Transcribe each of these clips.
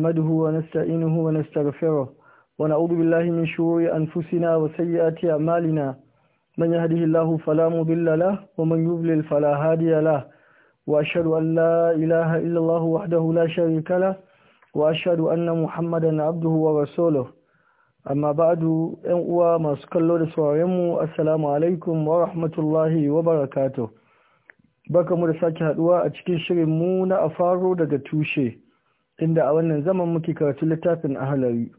نحمده ونستعينه ونستغفره ونعوذ بالله من شرور أنفسنا وسيئات أعمالنا من يهده الله فلا مضل له ومن يضلل فلا هادي له وأشهد أن لا إله إلا الله وحده لا شريك له وأشهد أن محمدا عبده ورسوله أما بعد أن أوى ما سكالو لسواريمو السلام عليكم ورحمة الله وبركاته baka mu da sake haduwa a cikin shirin mu na afaro daga tushe inda a wannan zaman muke karatu littafin ahalari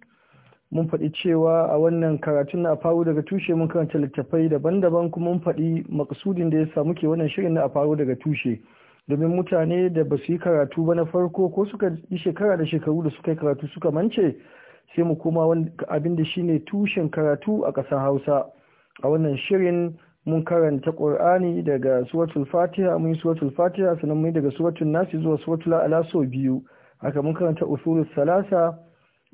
mun faɗi cewa a wannan karatun na faru daga tushe mun karanta littafai daban-daban kuma mun faɗi maksudin da ya samu ke wannan shirin na faru daga tushe domin mutane da ba su yi karatu ba na farko ko suka yi shekara da shekaru da suka yi karatu suka mance sai mu koma abin da shine tushen karatu a ƙasar hausa a wannan shirin mun karanta ƙur'ani daga suwatul fatiha mun yi suwatul fatiha sannan mun yi daga suwatul nasi zuwa suwatul ala sau biyu haka mun karanta usulul salasa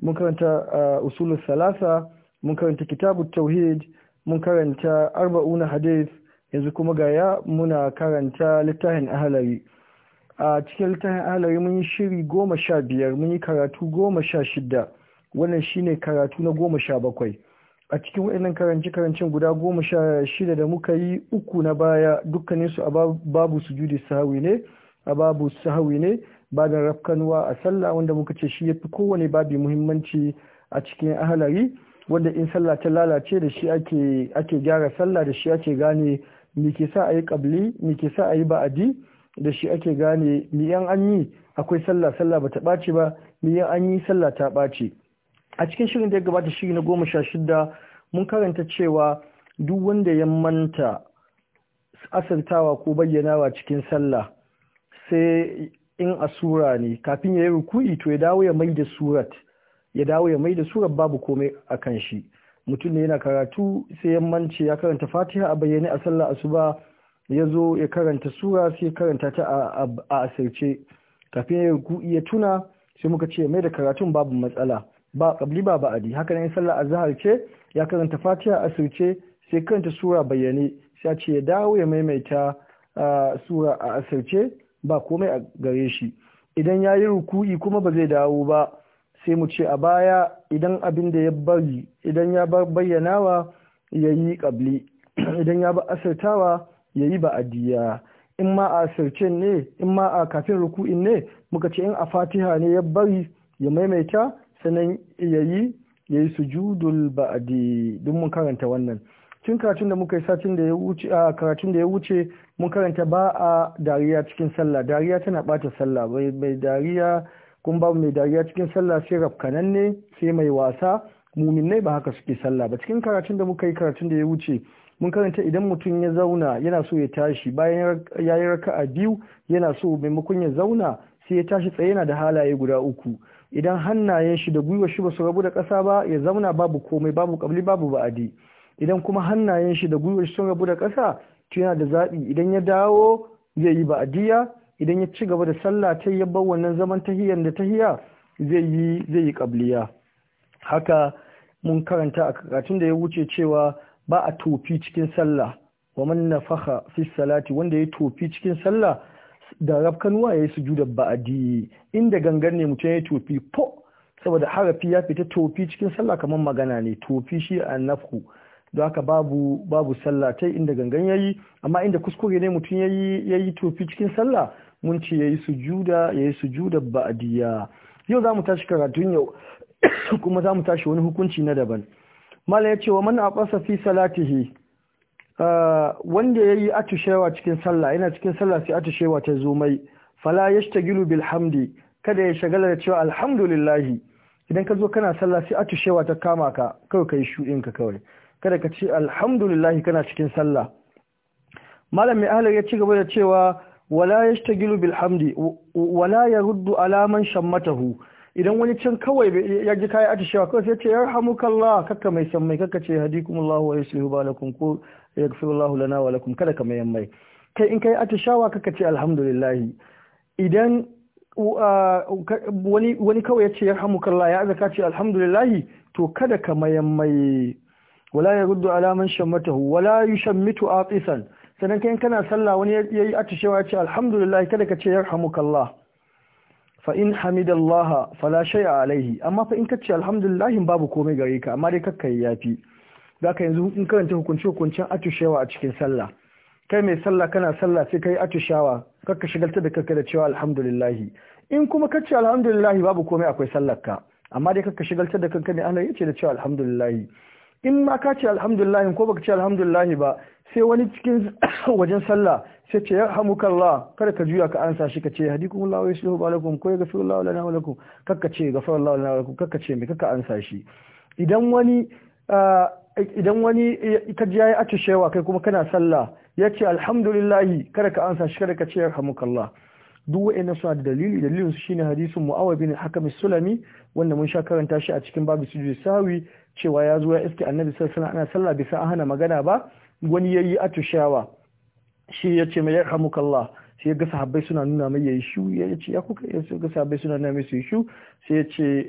mun karanta uh, usulul salasa mun karanta kitabut tauhid mun karanta arba'una hadith yanzu kuma ga ya muna karanta littafin ahlawi a cikin littafin ahlawi mun yi shiri goma sha biyar mun yi karatu goma sha shida wannan shine karatu na goma sha bakwai a cikin waɗannan karance karancen guda goma sha shida da muka yi uku na baya dukkaninsu a babu sujudi sahwi ne a babu sahwi ne badan rafkanuwa a sallah wanda muka ce shi ya fi kowane babi muhimmanci a cikin ahalari wanda in sallah ta lalace da shi ake gyara sallah da shi ake gane me ke sa yi qabli me ke sa yi ba'adi da shi ake gane mi yan an yi akwai sallah sallah ba ta ɓaci ba mi yan an yi sallah ta ɓaci a cikin shirin da ya gabata shiri na goma sha shida mun karanta cewa duk wanda ya manta asantawa ko bayyanawa cikin sallah sai in asura ne kafin ya yi ruku'i to ya dawo ya mai da surat ya dawo ya mai da surat babu komai a kan shi mutum ne yana karatu sai ya mance ya karanta fatiha a bayyane a sallah asuba ya zo ya karanta sura sai karanta ta a asirce kafin ya ruku'i ya tuna sai muka ce ya mai da karatun babu matsala ba kabli ba ba'adi haka ne sallah azhar ce ya karanta fatiha asirce sai karanta sura bayyane sai ya ce ya dawo ya maimaita ah, sura a asirce ba komai a gare shi idan ya yi ruku'i kuma ba zai dawo ba sai mu ce a baya idan abin da ya bari idan ya bayyanawa ya yi ƙabli idan ya ba asirtawa ya yi ba'adiyya in ma a asirce ne in ma a kafin ruku'in ne muka ce in a fatiha ne ya bari ya maimaita sannan ya yi ya yi sujudul ba'adi duk mun karanta wannan cikin karatun da muka yi satin da ya wuce a karatun da ya wuce mun karanta ba a dariya cikin sallah dariya tana bata sallah mai dariya kun babu mai dariya cikin sallah sai rafkanan ne sai mai wasa muminai ba haka suke sallah ba cikin karatun da muka yi karatun da ya wuce mun karanta idan mutum ya zauna yana so ya tashi bayan ya yi raka'a biyu yana so maimakon ya zauna sai ya tashi tsaye yana da halaye guda uku idan hannayen shi da gwiwa shi ba su rabu da ƙasa ba ya zauna babu komai babu kabli babu ba'adi idan kuma hannayen shi da gwiwar sun rabu da ƙasa to yana da zaɓi idan ya dawo zai yi ba'adiyya idan ya ci gaba da sallah ta yi bar wannan zaman tahiyyar da tahiyya zai yi zai yi haka mun karanta a karatun da ya wuce cewa ba a tofi cikin sallah wa man nafaha fi salati wanda ya tofi cikin sallah da rafkanuwa ya yi sujudar ba'adi inda gangan ne mutum ya tofi po saboda harafi ya fita tofi cikin sallah kamar magana ne tofi shi a nafku don haka babu babu sallah ta inda gangan yayi amma inda kuskure ne mutum yayi yayi tofi cikin sallah mun ce yayi sujuda yayi sujuda ba'diya yau zamu tashi karatun yau kuma zamu tashi wani hukunci na daban mala ya ce wa man aqasa fi salatihi ah, wanda yayi atushewa cikin sallah yana cikin sallah sai atushewa ta zo mai fala yashtagilu bil hamdi kada ya shagala da cewa alhamdulillah idan ka zo kana sallah sai atushewa ta kama ka kawai kai shu'in ka kawai kada ka ce alhamdulillah kana cikin sallah malam mai ahlar ya ci gaba da cewa wala yashtagilu bilhamdi wala yaruddu alaman man shammatahu idan wani can kawai ya ji kayan atishewa kawai sai ce ya rahamukallah kakka mai san mai kakka ce hadikumullahu wa yuslihu balakum ko yaghfirullahu lana wa lakum kada ka mayan mai kai in kai atishawa kakka ce alhamdulillah idan uh, wani kawai ya ce ya rahamukallah ya zaka ce alhamdulillah to kada ka mayan mai wala ya ruddu alaman shammatahu wala yushammitu aqisan sanan kai kana sallah wani yayi atishewa ce alhamdulillah kada ka ce yarhamukallah fa in hamidallah fala shay'a alaihi amma fa in kace alhamdulillah babu komai gare ka amma dai kakka yafi zaka yanzu in karanta hukunci hukuncin atishewa a cikin sallah kai mai sallah kana sallah sai kai atishawa kakka shigalta da kakka da cewa alhamdulillah in kuma kace alhamdulillah babu komai akwai sallar ka amma dai kakka shigalta da kanka ne Allah yace da cewa alhamdulillah in ma ka ce alhamdulillah ko baka ce alhamdulillah ba sai wani cikin wajen sallah sai ce ya hamukallah kada ka juya ka ansa shi ka ce hadi kuma Allah ya yasluhu balakum ko ya lawa lana wa lakum kakka ce lawa lana wa lakum kakka ce mai kakka ansa shi idan wani idan wani ka ji yayi ace shewa kai kuma kana sallah ya ce alhamdulillahi, kada ka ansa shi kada ka ce ya hamukallah duk wa'annan suna da dalili dalilin su shine hadisin mu'awabin bin sulami wanda mun sha karanta shi a cikin babu sujudi sawi cewa ya zo ya iske annabi sallallahu alaihi ana sallah bisa an hana magana ba wani yayi atushawa shi ya ce mai yarhamukallah sai ya ga sahabbai suna nuna mai yayi shu ya ce ya kuka ya ga sahabbai suna nuna mai su shu sai ya ce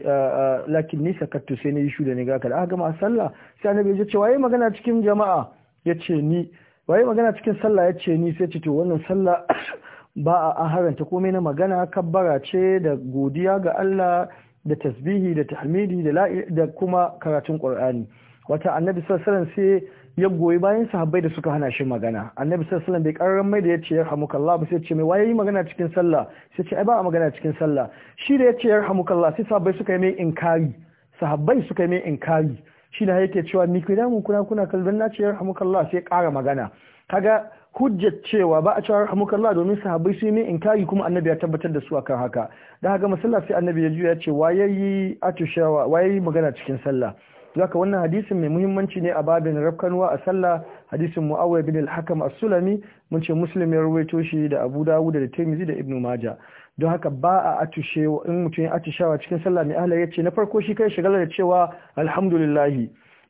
lakin ni sakattu sai ne shu da ni ga kada aka gama sallah sai annabi ya ce waye magana cikin jama'a ya ce ni waye magana cikin sallah ya ce ni sai ce to wannan sallah ba a haranta komai na magana kabbara ce da godiya ga Allah da tasbihi da tahmidi da da kuma karatun qur'ani wata annabi sallallahu alaihi wasallam sai ya goyi bayan sahabbai da suka hana shi magana annabi sallallahu alaihi wasallam bai karar mai da yace yarhamukallah ba sai ce mai waye magana cikin sallah sai ce ai ba magana cikin sallah shi da yace yarhamukallah sai sahabbai suka yi mai inkari sahabbai suka yi mai inkari shi da yake cewa ni da damu kuna kuna kalban na ce yarhamukallah sai kara magana kaga hujjar cewa ba a cewa Allah domin sahabbai sun yi inkari kuma annabi ya tabbatar da su akan haka dan haka masallaci annabi ya juya ce wayayi atushawa wayayi magana cikin sallah zaka wannan hadisin mai muhimmanci ne a babin rafkanwa a sallah hadisin muawiya bin al-hakam as-sulami mun ce muslim ya rawaito shi da abu dawud da tirmidhi da Ibn maja don haka ba a atushewa in mutum ya atushawa cikin sallah mai ahla ce na farko shi kai shigar da cewa alhamdulillah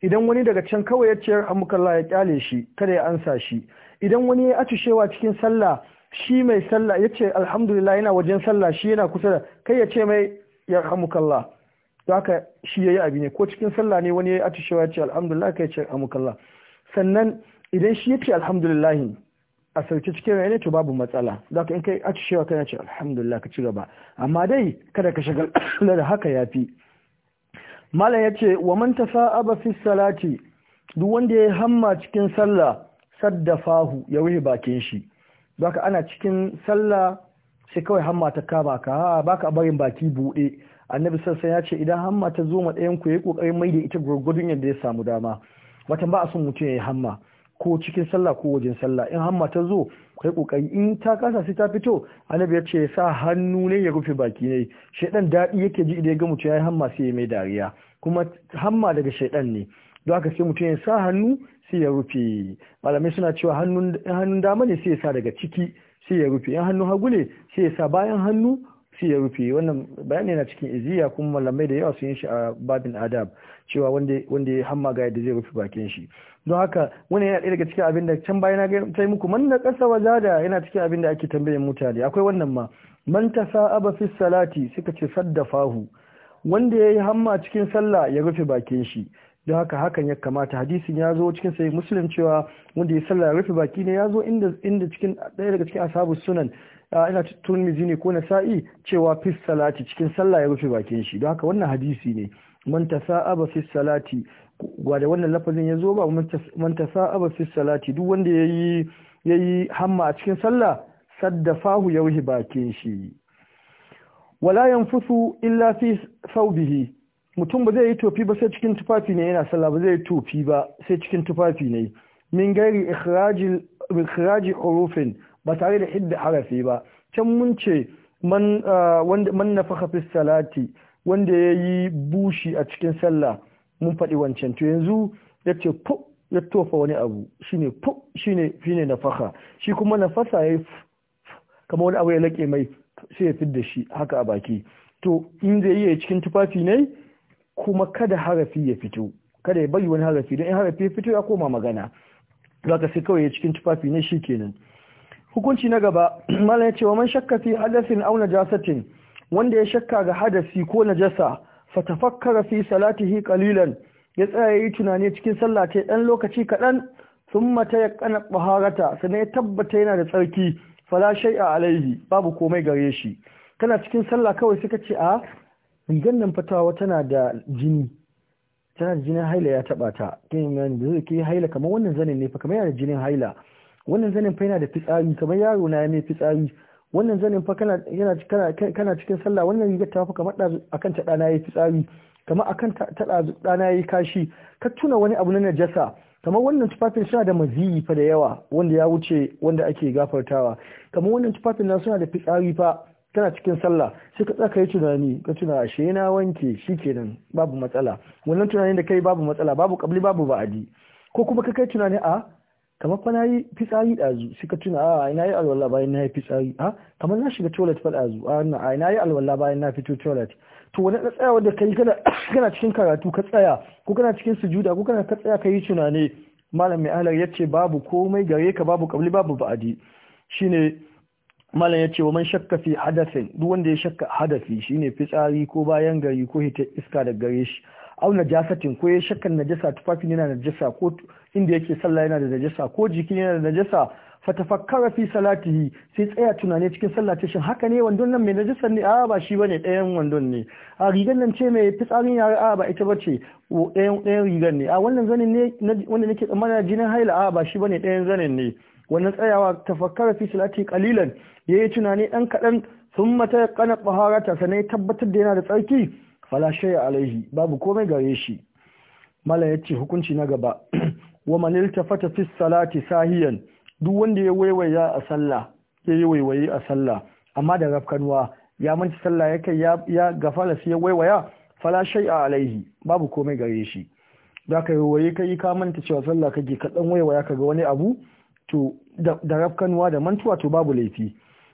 idan wani daga can kawai ya ce Allah ya kyale shi kada ya ansa shi idan wani ya atushewa cikin sallah shi mai sallah ya ce alhamdulillah yana wajen sallah shi yana kusa da kai ya ce mai ya hamukallah za ka shi ya yi abi ne ko cikin sallah ne wani ya atushewa ya ce alhamdulillah kai ce hamukallah sannan idan shi ya ce alhamdulillah a sauke cikin rai ne to babu matsala za ka in kai atushewa kana ce alhamdulillah ka ci gaba amma dai kada ka shagal da haka ya fi malam ya ce wa man tasa'aba fi salati duk wanda ya hamma cikin sallah saddafahu ya rufe bakin shi baka ana cikin sallah sai kawai hamma ta kama ka ha baka barin baki bude. annabi sassan ya ce idan hamma ta zo ma ɗayan ku yayi kokarin mai da ita gurgudun yadda ya samu dama Wata ba a son mutum ya yi hamma ko cikin sallah ko wajen sallah in hamma ta zo kai kokari in ta kasa sai ta fito annabi ya ce sa hannu ne ya rufe baki ne shedan dadi yake ji idan ya ga mutum ya yi hamma sai ya mai dariya kuma hamma daga shedan ne don haka sai mutum ya sa hannu sai ya rufe malamai suna cewa hannun dama ne sai ya sa daga ciki sai ya rufe in hannun hagu ne sai ya sa bayan hannu sai ya rufe wannan bayani na cikin iziya kuma malamai da yawa sun yi shi a babin adab cewa wanda ya hamma ga yadda zai rufe bakin shi don haka wani yana ɗaya daga cikin abin can baya na ta yi muku manna ƙasa wa zada yana cikin abin da ake tambayin mutane akwai wannan ma man ta aba fi salati suka ce saddafahu wanda ya yi hamma cikin sallah ya rufe bakin shi don haka hakan ya kamata hadisin ya zo cikin sai musulun cewa wanda ya sallah rufe baki ne ya zo inda cikin ɗaya daga cikin asabu sunan ina turmizi ne ko sa'i cewa fis salati cikin sallah ya rufe bakin shi don haka wannan hadisi ne man tasa'aba fis salati wannan lafazin ya zo ba man ba fis salati duk wanda ya yi hamma a cikin sallah saddafahu ya rufe bakin shi wala yanfusu illa fi saubihi mutum ba zai yi tofi ba sai cikin tufafi ne yana sallah ba zai yi tofi ba sai cikin tufafi ne min gairi ikhraji hurufin ba tare da hidda harafi ba can mun ce man ah, nafaka fi salati wanda ya yi bushi a cikin sallah mun faɗi wancan to yanzu ya ce fu ya tofa wani abu ne fu ne na nafaka shi kuma nafasa ya yi kamar wani abu ya laƙe mai sai ya fidda shi haka a baki to in zai yi cikin tufafi ne kuma kada harafi ya fito kada ya bari wani harafi don in harafi ya fito ya koma magana za ka sai kawai ya cikin tufafi ne shi kenan hukunci na gaba malam ya ce wa man shakka fi hadasin aw najasatin wanda ya shakka ga hadasi ko najasa tafakkara fi salatihi qalilan ya tsaya yi tunani cikin sallah ta dan lokaci kadan thumma tayaqqana baharata sannan ya tabbata yana da tsarki fala shay'a alaihi babu komai gare shi kana cikin sallah kawai suka ce a ah, rigar nan fatawa tana da jini tana da jinin haila ya taba ta kin nan da zai ke haila kamar wannan zanin ne fa kamar yana da jinin haila wannan zanin fa yana da fitsari kamar yaro na ya mai fitsari wannan zanin fa kana yana kana kana cikin sallah wannan rigar ta fa kamar da akan ta dana yayi fitsari kamar akan ta da dana yayi kashi ka tuna wani abu na najasa kamar wannan tufafin suna da maziyi fa da yawa wanda ya wuce wanda ake gafartawa kamar wannan tufafin na suna da fitsari fa kana cikin sallah sai ka tsaka yi tunani ka tuna ashe na wanke shikenan babu matsala wannan tunanin da kai babu matsala babu kabli babu ba'adi ko kuma ka kai tunani a kamar fa nayi fitsari dazu sai ka tuna a ina yi alwala bayan na yi fitsari a kamar na shiga toilet fa dazu a a ina yi alwala bayan na fito toilet to wani da tsaya wanda kai kana kana cikin karatu ka tsaya ko kana cikin sujuda ko kana ka tsaya kai tunani malam mai ya yace babu komai gare ka babu kabli babu ba'adi shine malam ya ce wa man shakka fi hadafin duk wanda ya shakka hadasi shine fitsari ko bayan gari ko hita iska da gare shi aw najasatin ko ya shakka najasa tufafin yana najasa ko inda yake sallah yana da najasa ko jiki yana da najasa tafakkara fi salatihi sai tsaya tunani cikin sallah ta shin haka ne wandon nan mai najasa ne a ba shi bane ɗayan wandon ne a rigan nan ce mai fitsarin ya a ba ita bace ɗayan rigan ne a wannan zanin ne wanda nake tsammana jinin haila a ba shi bane ɗayan zanin ne wannan tsayawa tafakkara fi salati qalilan yayi tunani dan kadan thumma taqana taharata sanai tabbatar da yana da tsarki fala shay'a alaihi babu komai gare shi mala yace hukunci na gaba wa man iltafata fi salati sahiyan duk wanda ya waiwaya a sallah yi waiwaye a sallah amma da rafkanwa ya manta sallah yake ya ya gafala sai ya waiwaya fala shay'a alaihi babu komai gare shi zaka yi waye kai ka manta cewa sallah kake ka dan waiwaya kaga wani abu to da rafkanuwa da mantuwa to babu laifi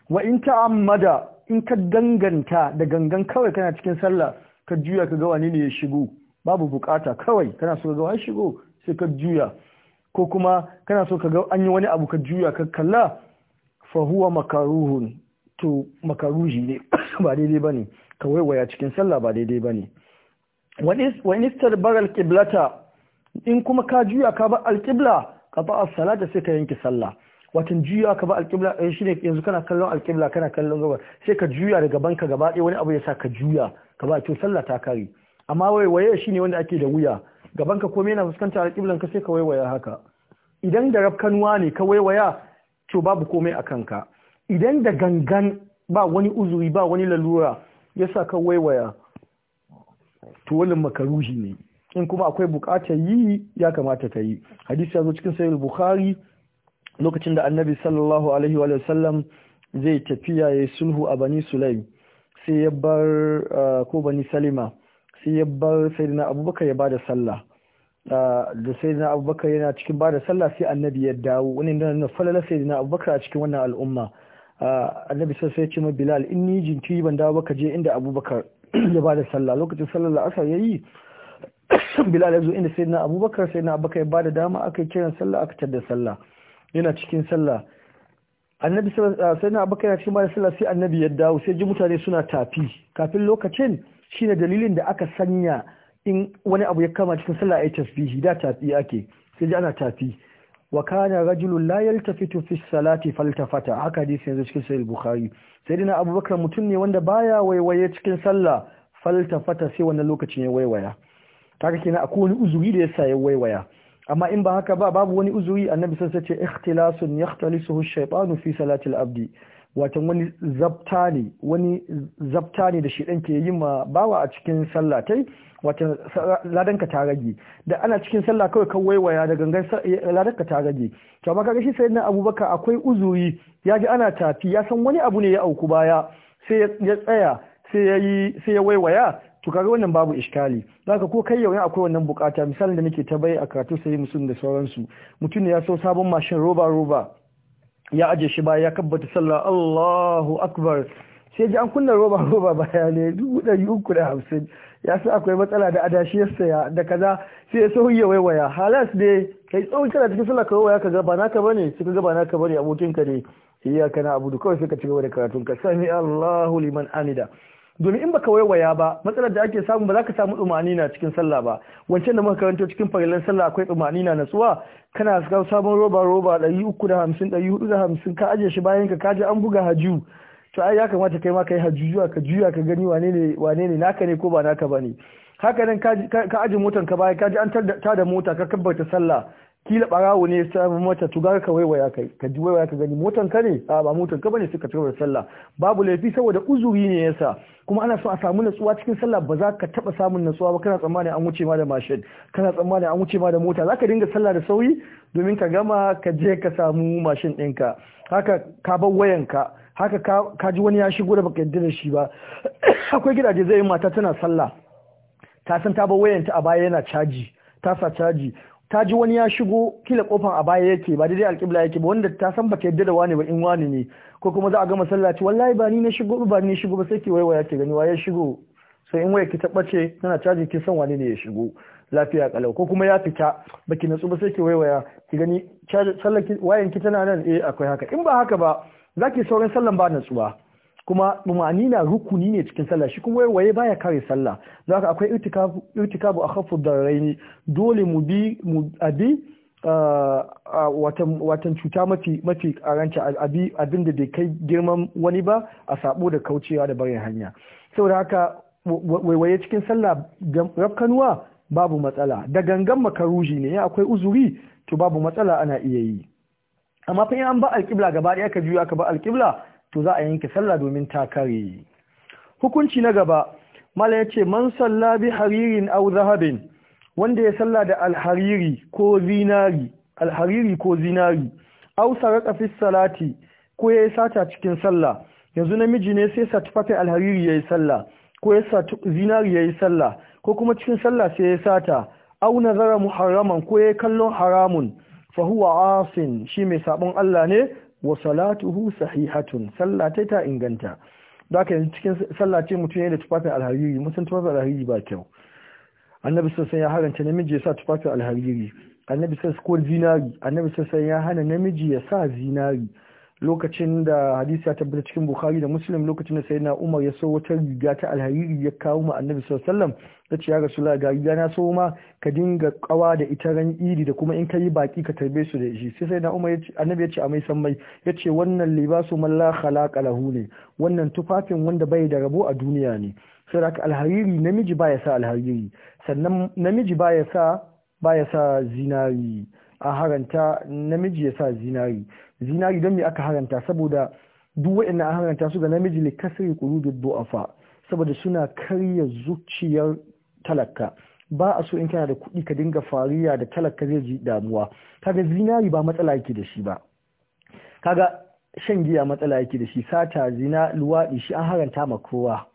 wa in ta'ammada in ka danganta da gangan kawai kana cikin sallah ka juya ka ga wani ne ya shigo babu bukata kawai kana so ka ga wani shigo sai ka juya ko kuma kana so ka ga an yi wani abu ka juya ka kalla fa huwa makaruhun to makaruhi ne ba daidai bane ka waiwaya cikin sallah ba daidai bane wa in istar baral in kuma ka juya ka bar alqibla Kafa a salata sai ka yanke sallah watan juya ka ba alƙibla ɗaya eh, shi ne yanzu kana kallon alƙibla kana kallon gaba. sai ka juya daga banka gaba ɗaya wani abu ya sa ka juya ka ba to sallah ta kare amma waiwaye shi ne wanda ake da wuya gaban ka komai yana fuskanta alƙiblan ka sai ka waiwaya haka idan da rafkanuwa ne ka waiwaya to babu komai a kanka idan da gangan ba wani uzuri ba wani lalura ya sa ka waiwaya to wannan makaruhi ne in kuma akwai bukatar yi ya kamata ka yi hadisi ya zo cikin sahih bukhari lokacin da annabi sallallahu alaihi wa sallam zai tafiya ya sulhu a bani sulaim sai ya bar ko bani salima sai ya bar sayyidina abubakar ya bada sallah da sayyidina abubakar yana cikin bada sallah sai annabi ya dawo wani da na falala saidina abubakar a cikin wannan al'umma annabi sai sai ya ce ma bilal in ni jinkiri ban dawo baka je inda abubakar ya bada sallah lokacin sallar ya yi. bilal ya zo inda sai na abubakar sai na abubakar ba da dama aka yi kiran sallah aka tada sallah yana cikin sallah annabi sai na abubakar yana cikin ba da sallah sai annabi ya dawo sai ji mutane suna tafi kafin lokacin shine dalilin da aka sanya in wani abu ya kama cikin sallah ayi tasbihi da tafi ake sai ji ana tafi wa kana rajulun la yaltafitu fi salati faltafata haka hadisi yanzu cikin sahih bukhari sayyidina abubakar mutum ne wanda baya waiwaye cikin sallah faltafata sai wannan lokacin ya waiwaya kaga kenan akwai wani uzuri da yasa ya waiwaya amma in ba haka ba babu wani uzuri annabi sai sace ikhtilasun yakhtalisu ash-shaytanu fi salati al-abdi watan wani zabta ne wani zabta ne da shedan ke yi ma bawa a cikin sallatai watan ladanka ta rage da ana cikin sallah kawai kan waiwaya da gangan eh, ladanka ta rage to amma kaga shi sayyidina abubakar akwai uzuri ya ji ana tafi ya san wani abu ne ya auku baya sai ya tsaya sai ya waiwaya to kaga wannan babu iskali zaka ko kai yau akwai wannan bukata misalin da nake ta bai a karatu sai musulun da sauransu mutum ya so sabon mashin roba roba ya aje shi baya ya kabbata sallah Allahu akbar sai ji an kunna roba roba baya ne dubu da uku da hamsin ya sa akwai matsala da adashi ya saya da kaza sai ya so ya waiwaya halas ne kai tsawon kana cikin sallah ka waiwaya kaga ba naka bane sai kaga ba naka bane abokin ka ne iyaka na abudu kawai sai ka ci gaba da karatun ka sami Allahu liman anida. domin in baka waiwaya ba matsalar da ake samu ba za ka samu na cikin sallah ba wancan da muka karanto cikin farilan sallah akwai na natsuwa kana samun sabon roba roba da hamsin. ka ajiye shi bayan ka kaji an buga haju to ai ya kamata kai ma kai haju ka juya ka gani wane ne naka ne ko ba naka ne? haka nan ka aje motan ka baya ka ji an tada mota ka kabbata sallah kila barawo ne ya samu mota tugar ka waiwaya kai ka ji waiwaya ka gani motan ka ne a ba motan ka bane suka tura sallah babu laifi saboda uzuri ne yasa kuma ana so a samu natsuwa cikin sallah ba za ka taba samun natsuwa ba kana tsammani an wuce ma da mashin kana tsammani an wuce ma da mota Za ka dinga sallah da sauri domin ka gama ka je ka samu mashin ɗinka haka ka bar wayanka haka ka ji wani ya shigo da baka yarda da shi ba akwai gidaje zai yi mata tana sallah ta san ta bar wayanta a baya yana caji ta sa caji ta ji wani ya shigo kila kofan a baya yake ba daidai alƙibla yake ba wanda ta san baka yadda da wani ba in wani ne ko kuma za a ga masallaci wallahi ba ni na shigo ba ni shigo ba sai ki waiwaya ki gani waye shigo sai in waya ki tabbace tana caji ki san wani ne ya shigo lafiya kalau ko kuma ya fita baki natsu ba sai ki waiwaya ki gani sallar wayan ki tana nan eh akwai haka in ba haka ba zaki saurin sallan ba natsuwa kuma na rukuni ne cikin sallah shi kuma waye baya kare sallah don haka akwai itikafu a da darraini dole mu bi mu abi ah, ah, watan cuta mafi mafi karanci abin da bai kai girman wani ba a sabo da kaucewa da barin hanya saboda haka waiwaye cikin sallah rafkanuwa babu matsala da gangan makaruji ne akwai uzuri to babu matsala ana iya yi amma fa in an ba alƙibla gaba ɗaya ka juya ka ba alƙibla to za a yanke sallah domin ta kare hukunci na gaba mala ya ce man salla bi haririn au zahabin wanda ya salla da alhariri ko zinari alhariri ko zinari au saraka fi salati ko ya sata cikin sallah yanzu namiji ne sai sa alhariri ya yi sallah ko ya sa zinari ya yi sallah ko kuma cikin sallah sai ya sata au nazara muharraman ko ya kallon haramun fa asin shi mai sabon Allah ne wa salatuhu sahihatun sallata ta inganta daka yanzu cikin sallace mutum yana da tufafin alhariri san tufafi alhariri ba kyau annabi sassan ya haranta namiji ya sa tufafin alhariri annabi sassan ko zinari annabi sassan ya hana namiji ya sa zinari lokacin da hadisi ya tabbata cikin bukhari da muslim lokacin da sayyidina umar ya so wata riga ta alhariri ya kawo mu annabi sallallahu alaihi wasallam ya ce ya rasulullah ga riga na so ma ka dinga kawa da ita ran idi da kuma in kai baki ka tarbe su da shi sai sayyidina umar ya ce annabi ya ce a mai san mai ya ce wannan libasu man la khalaqa lahu ne wannan tufafin wanda bai da rabo a duniya ne sai haka alhariri namiji baya sa alhariri sannan namiji baya sa baya sa zinari a haranta namiji ya sa zinari zinari don me aka haranta? saboda duk waɗannan an haranta su ga namiji li kuru qulubi du'afa saboda suna karya zuciyar talaka ba a so in kana da kuɗi ka dinga fariya da talaka zai ji damuwa kaga zinari ba matsala yake da shi ba kaga shan giya matsala yake da shi sata zina luwaɗi shi an haranta ma kowa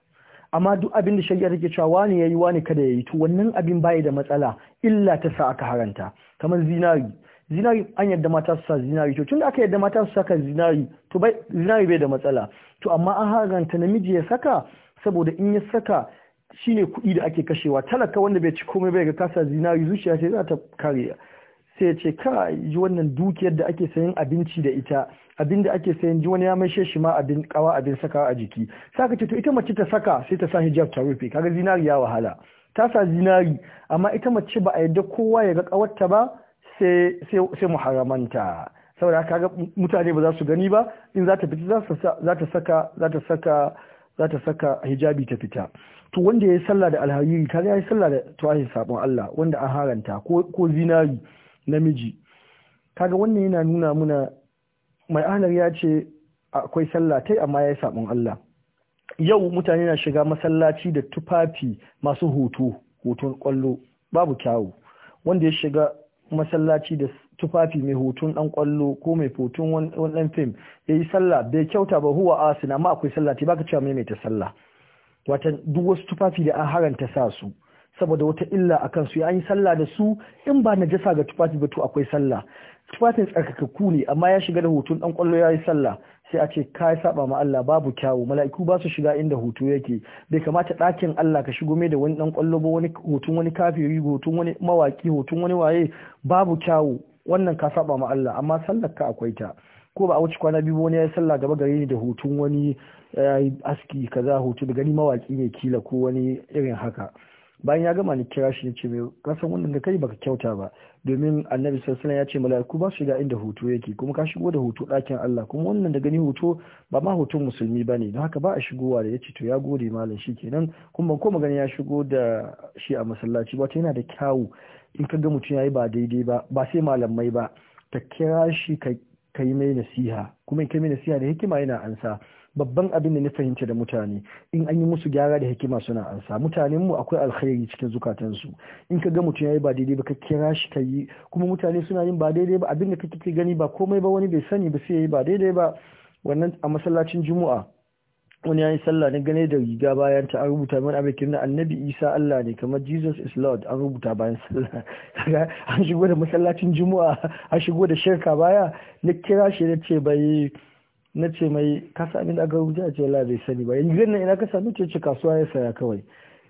amma duk abin da shari'a take cewa wani yayi wani kada yayi to wannan abin bai da matsala illa ta sa aka haranta kamar zinari zinari an yadda mata su sa zinari to tunda aka yadda mata su saka zinari to bai zinari bai da matsala to amma an haranta namiji ya saka saboda in ya saka shine kuɗi da ake kashewa talaka wanda bai ci komai bai ga kasa zinari zuciya sai za ta kare sai ce ka ji wannan dukiyar da ake sayan abinci da ita abin da ake sayan ji wani ya mai shi ma abin kawa abin saka a jiki saka ce to ita mace ta saka sai ta sa hijab ta rufe kaga zinari ya wahala ta sa zinari amma ita mace ba a yadda kowa ya ga kawarta ba sai mu haramanta saboda kaga mutane ba za su gani ba in za ta fita za ta saka za ta saka za ta saka hijabi ta fita to wanda yi sallah da alhariri kaga yi sallah da tuwahin sabon Allah wanda an haranta ko zinari namiji kaga wannan yana nuna muna mai anar ya ce akwai sallah tai amma yi sabon Allah yau mutane na shiga masallaci da tufafi masu hoto hoton kwallo babu kyawu wanda ya shiga masallaci da tufafi mai hoton dan kwallo ko mai hoton wani dan fim yi sallah bai kyauta ba huwa asina amma akwai sallah baka cewa mai ta sallah watan duk wasu tufafi da an haranta sa su saboda wata illa akan su ya yi sallah da su in ba na jasa ga tufafi ba to akwai sallah tufafin tsarkakakku ne amma ya shiga da hoton dan ya yi sallah sai a ce ka saba ma Allah babu kyawu mala'iku ba su shiga inda hoto yake bai kamata ɗakin Allah ka shigo mai da wani ɗan ƙwallo ba wani hoton wani kafiri hoton wani mawaki hoton wani waye babu kyawu wannan ka saba ma Allah amma sallar ka akwai ta ko ba a wuce kwana biyu wani ya yi sallah gaba gare ni da hoton wani eh, aski kaza hoto da gani mawaki ne kila ko wani irin haka bayan ya gama ni kira shi ce mai kasan wannan da kai baka kyauta ba domin annabi sallallahu ya ce mala'iku ba su shiga inda hoto yake kuma ka shigo da hoto ɗakin Allah kuma wannan da gani hoto ba ma hoton musulmi ba ne don haka ba a shigowa da ya ce to ya gode malam shi kenan kuma ban koma gani ya shigo da shi a masallaci ba ta yana da kyawu in ka ga mutum ya yi ba daidai ba ba sai malamai ba ta kira shi ka yi mai nasiha kuma in ka mai nasiha da hikima yana ansa babban abin da na fahimci da mutane in an yi musu gyara da hikima suna ansa mutanen mu akwai alkhairi cikin zukatansu in ka ga mutum yayi ba daidai ba ka kira shi ka yi kuma mutane suna yin ba daidai ba abin da kake gani ba komai ba wani bai sani ba sai yayi ba daidai ba wannan a masallacin juma'a wani yi sallah na gane da riga bayan ta an rubuta min abin kirna annabi isa allah ne kamar jesus is lord an rubuta bayan sallah an shigo da masallacin juma'a an shigo da shirka baya na kira shi na ce bai na ce mai ka sami da aka rubuta a ce wala bai sani ba yanzu zan ina ka sami ce kasuwa ya saya kawai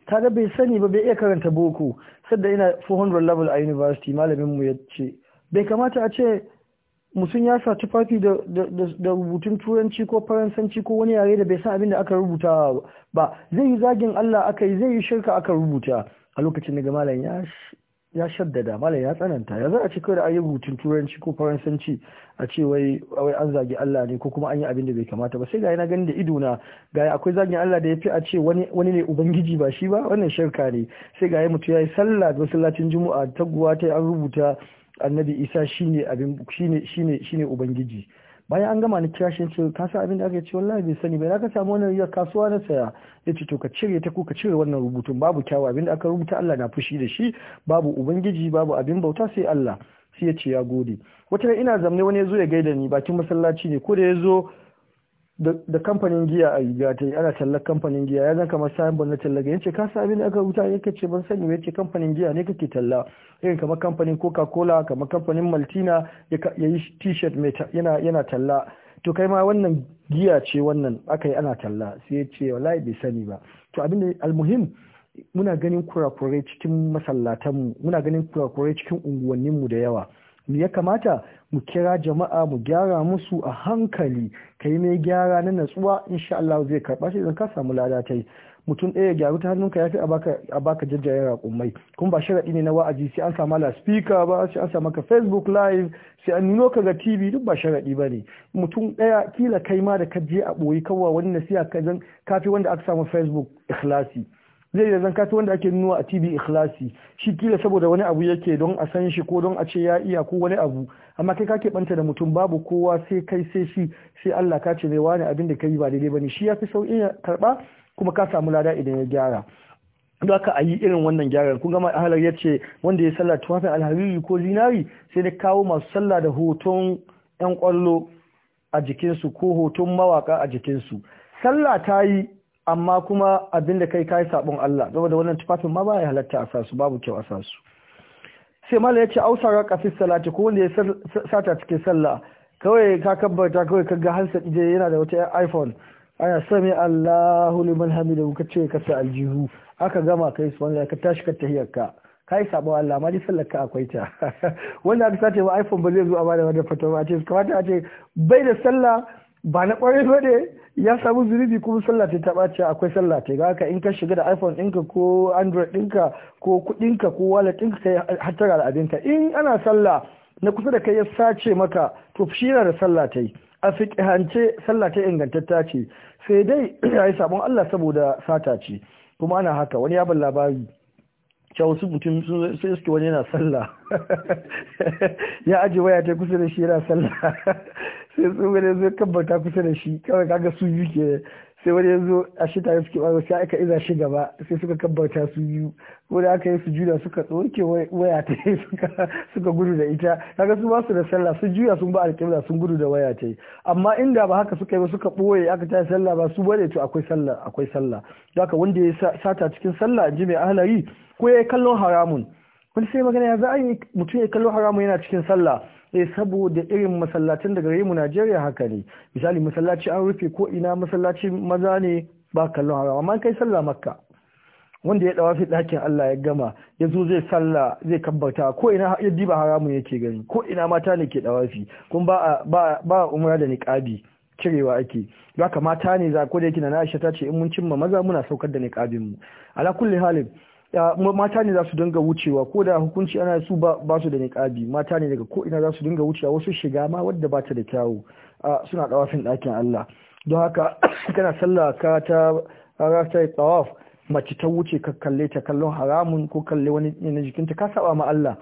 kaga bai sani ba bai iya karanta boko sadda ina 400 level a university malamin mu ya ce bai kamata a ce mutum ya sa tufafi da rubutun turanci ko faransanci ko wani yare da bai san abin da aka rubuta ba zai yi zagin Allah aka yi zai yi shirka aka rubuta a lokacin da malam ya ya shaddada malam ya tsananta ya za a ce kawai da ayi rubutun turanci ko faransanci a ce wai an zagi Allah ne ko kuma an yi abin da bai kamata ba sai ga yana gani da ido na ga akwai zagin Allah da ya fi a ce wani wani ne ubangiji ba shi ba wannan shirka ne sai ga mutu yi sallah da masallacin juma'a taguwa ta an rubuta annabi Isa shine abin shine shine shine ubangiji bayan an gama ni kira shi ce ka san abin da aka ce wallahi bai sani bai ka samu wannan riyar kasuwa na saya ya ce to ka cire ta ko ka cire wannan rubutun babu kyawu abin da aka rubuta Allah na fushi da shi babu ubangiji babu abin bauta sai Allah sai ya ce ya gode wata ina zamne wani ya zo ya gaida ni bakin masallaci ne ko da ya zo da kamfanin giya a riga ta yi ana tallar kamfanin giya ya zan kamar sayan ban na tallaga yace ka sa abin da aka wuta yake ce ban sani yace kamfanin giya ne kake talla irin kamar kamfanin coca cola kamar kamfanin maltina ya yi t-shirt mai yana yana talla to kai ma wannan giya ce wannan aka yi ana talla sai ya ce wallahi bai sani ba to abin da almuhim muna ganin kurakurai cikin masallatanmu muna ganin kurakurai cikin unguwanninmu da yawa ya kamata mu kira jama'a mu gyara musu a hankali ka yi mai gyara na natsuwa insha Allah zai karɓa shi idan ka samu lada ta yi mutum ɗaya gyaru ta hannunka ya fi a baka jajjayen raƙumai kuma ba sharaɗi ne na wa'azi sai an samu la speaker ba sai an samu ka facebook live sai an nuno ka ga tv duk ba sharaɗi ba ne mutum ɗaya kila kai ma da ka je a ɓoyi kawai wani nasiha ka zan kafi wanda aka samu facebook ikhlasi zai da zankato wanda ake nuna a tv ikhlasi shi kila saboda wani abu yake don a san shi ko don a ce ya iya ko wani abu amma kai kake banta da mutum babu kowa sai kai sai shi sai Allah ka ce mai wani abin da ka yi ba daidai ba ne shi ya fi sauƙin ya karɓa kuma ka samu lada idan ya gyara don haka a yi irin wannan gyaran kun gama ahalar ya ce wanda ya sallah tuwafin alhariri ko zinari sai da kawo masu sallah da hoton yan kwallo a jikinsu ko hoton mawaka a jikinsu sallah ta yi amma kuma abin da kai kai sabon Allah saboda wannan tufafin ma baya halatta a sasu babu kyau a sasu sai mala yace ausara kafis salati ko wanda ya sata cikin sallah kawai ka kabbata kawai ka ga hansa ije yana da wata iPhone ana sami Allahu liman hamidu ka ce ka sa aljihu aka gama kai su wanda ka tashi ka tahiyarka kai sabon Allah ma di sallar ka akwai ta wanda aka sace ba iPhone ba zai zo a bada wani fatawa a ce kamata a ce bai da sallah ba na kware ba ne ya samu zunubi kuma sallah ta ce akwai sallah ta ga haka in ka shiga da iphone ɗinka ko android ɗinka ko kuɗinka ko wallet ɗinka kai hattara da abinka in ana sallah na kusa da kai ya sace maka to shi da sallah ta yi a fiƙihance sallah ta ingantatta ce sai dai ya yi sabon Allah saboda sata ce kuma ana haka wani ya ban labari cewa wasu mutum sun sai suke wani yana sallah ya ajiye waya ta kusa da shi yana sallah sai su wani zo kabbata kusa da shi kawai kaga su biyu ke sai wani zo a shi tare suke ba sai aka iza shi gaba sai suka kabbata su biyu ko da aka yi su juya suka tsoke waya ta yi suka gudu da ita kaga su ba su da sallah su juya sun ba alƙibla sun gudu da waya ta yi amma inda ba haka suka yi ba suka ɓoye aka ta sallah ba su bane to akwai sallah akwai sallah haka wanda ya sata cikin sallah ji mai ahlari ko ya yi kallon haramun wani sai magana ya za a yi mutum ya kallon haramun yana cikin sallah eh saboda irin masallacin da gare mu Najeriya haka ne misali masallaci an rufe ko ina masallaci maza ne ba kallon haram amma kai sallah makka wanda ya dawa fi ɗakin Allah ya gama ya zo zai salla zai kabbata ko ina ya diba haramun yake gani ko ina mata ne ke fi kun ba ba ba umra da niqabi cirewa ake Ya mata ne za ko da yake na Aisha ta ce in mun cimma maza muna saukar da niqabin mu ala kulli halin mata ne za su dinga wucewa ko da hukunci ana su ba su da niƙabi mata ne daga ko ina za su dinga wucewa wasu shiga ma wadda ba ta da kyawu suna ɗawafin ɗakin Allah don haka kana sallah ka ta ta tsawaf mace ta wuce ka kalle ta kallon haramun ko kalle wani na jikinta ka saba ma Allah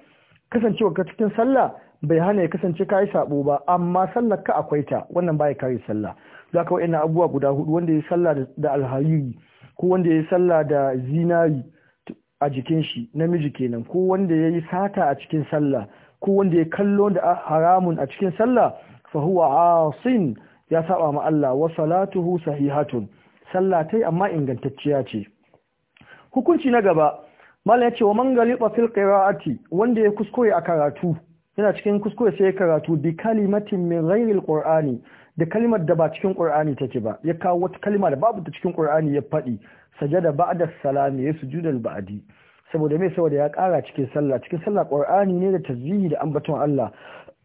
kasancewa ka cikin sallah bai hana ya kasance ka yi sabo ba amma sallar ka akwai ta wannan ba ya kare sallah za ka wa'ina abubuwa guda hudu wanda ya yi sallah da alhariri ko wanda ya yi sallah da zinari a jikin shi namiji kenan ko wanda ya yi sata a cikin sallah ko wanda ya kallo da haramun a cikin sallah fa huwa asin ya saba ma Allah wa salatuhu sahihatun sallah tai amma ingantacciya ce hukunci na gaba mallan yace wa man galiba fil qira'ati wanda ya kuskure a karatu yana cikin kuskure sai ya karatu bi kalimatin min ghairi alqur'ani da kalmar da ba cikin Qur'ani take ba ya kawo wata kalma da babu ta cikin Qur'ani ya faɗi sajada ba'da salami ya sujudal ba'di saboda mai saboda ya ƙara cikin sallah cikin sallah Qur'ani ne da tasbihi da ambaton Allah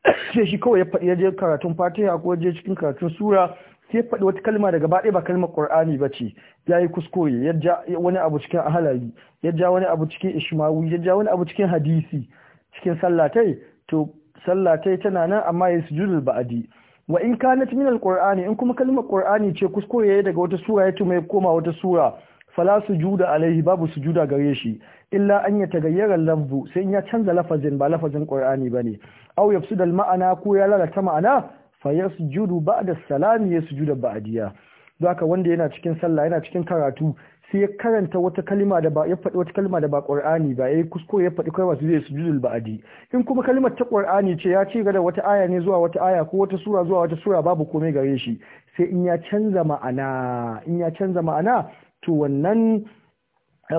sai shi kawai ya faɗi ya je karatun Fatiha ko je cikin karatun sura sai faɗi wata kalma daga baɗe ba kalmar ƙur'ani ba ce ya yi kuskure ya ja wani abu cikin ahalari ya ja wani abu cikin ishmawi ya ja wani abu cikin hadisi cikin sallatai to sallatai tana nan amma ya sujudul badi wa in kanat min alqur'ani in kuma kalmar qur'ani ce kuskure yayi daga wata sura ya mai koma wata sura fala sujuda alaihi babu sujuda gare shi illa an ya tagayyara lafzu sai ya canza lafazin ba lafazin qur'ani bane aw yafsuda ma'ana ko ya lalata ma'ana fa yasjudu ba'da salami yasjuda ba'diya haka wanda yana cikin sallah yana cikin karatu sai ya karanta wata kalima da ba ya faɗi wata kalima da ba Qur'ani ba yayi kuskure ya faɗi kalma zai sujudul ba'di in kuma kalimar ta Qur'ani ce ya ci gada wata aya ne zuwa wata aya ko wata sura zuwa wata sura babu komai gare shi sai in ya canza ma'ana in ya canza ma'ana to wannan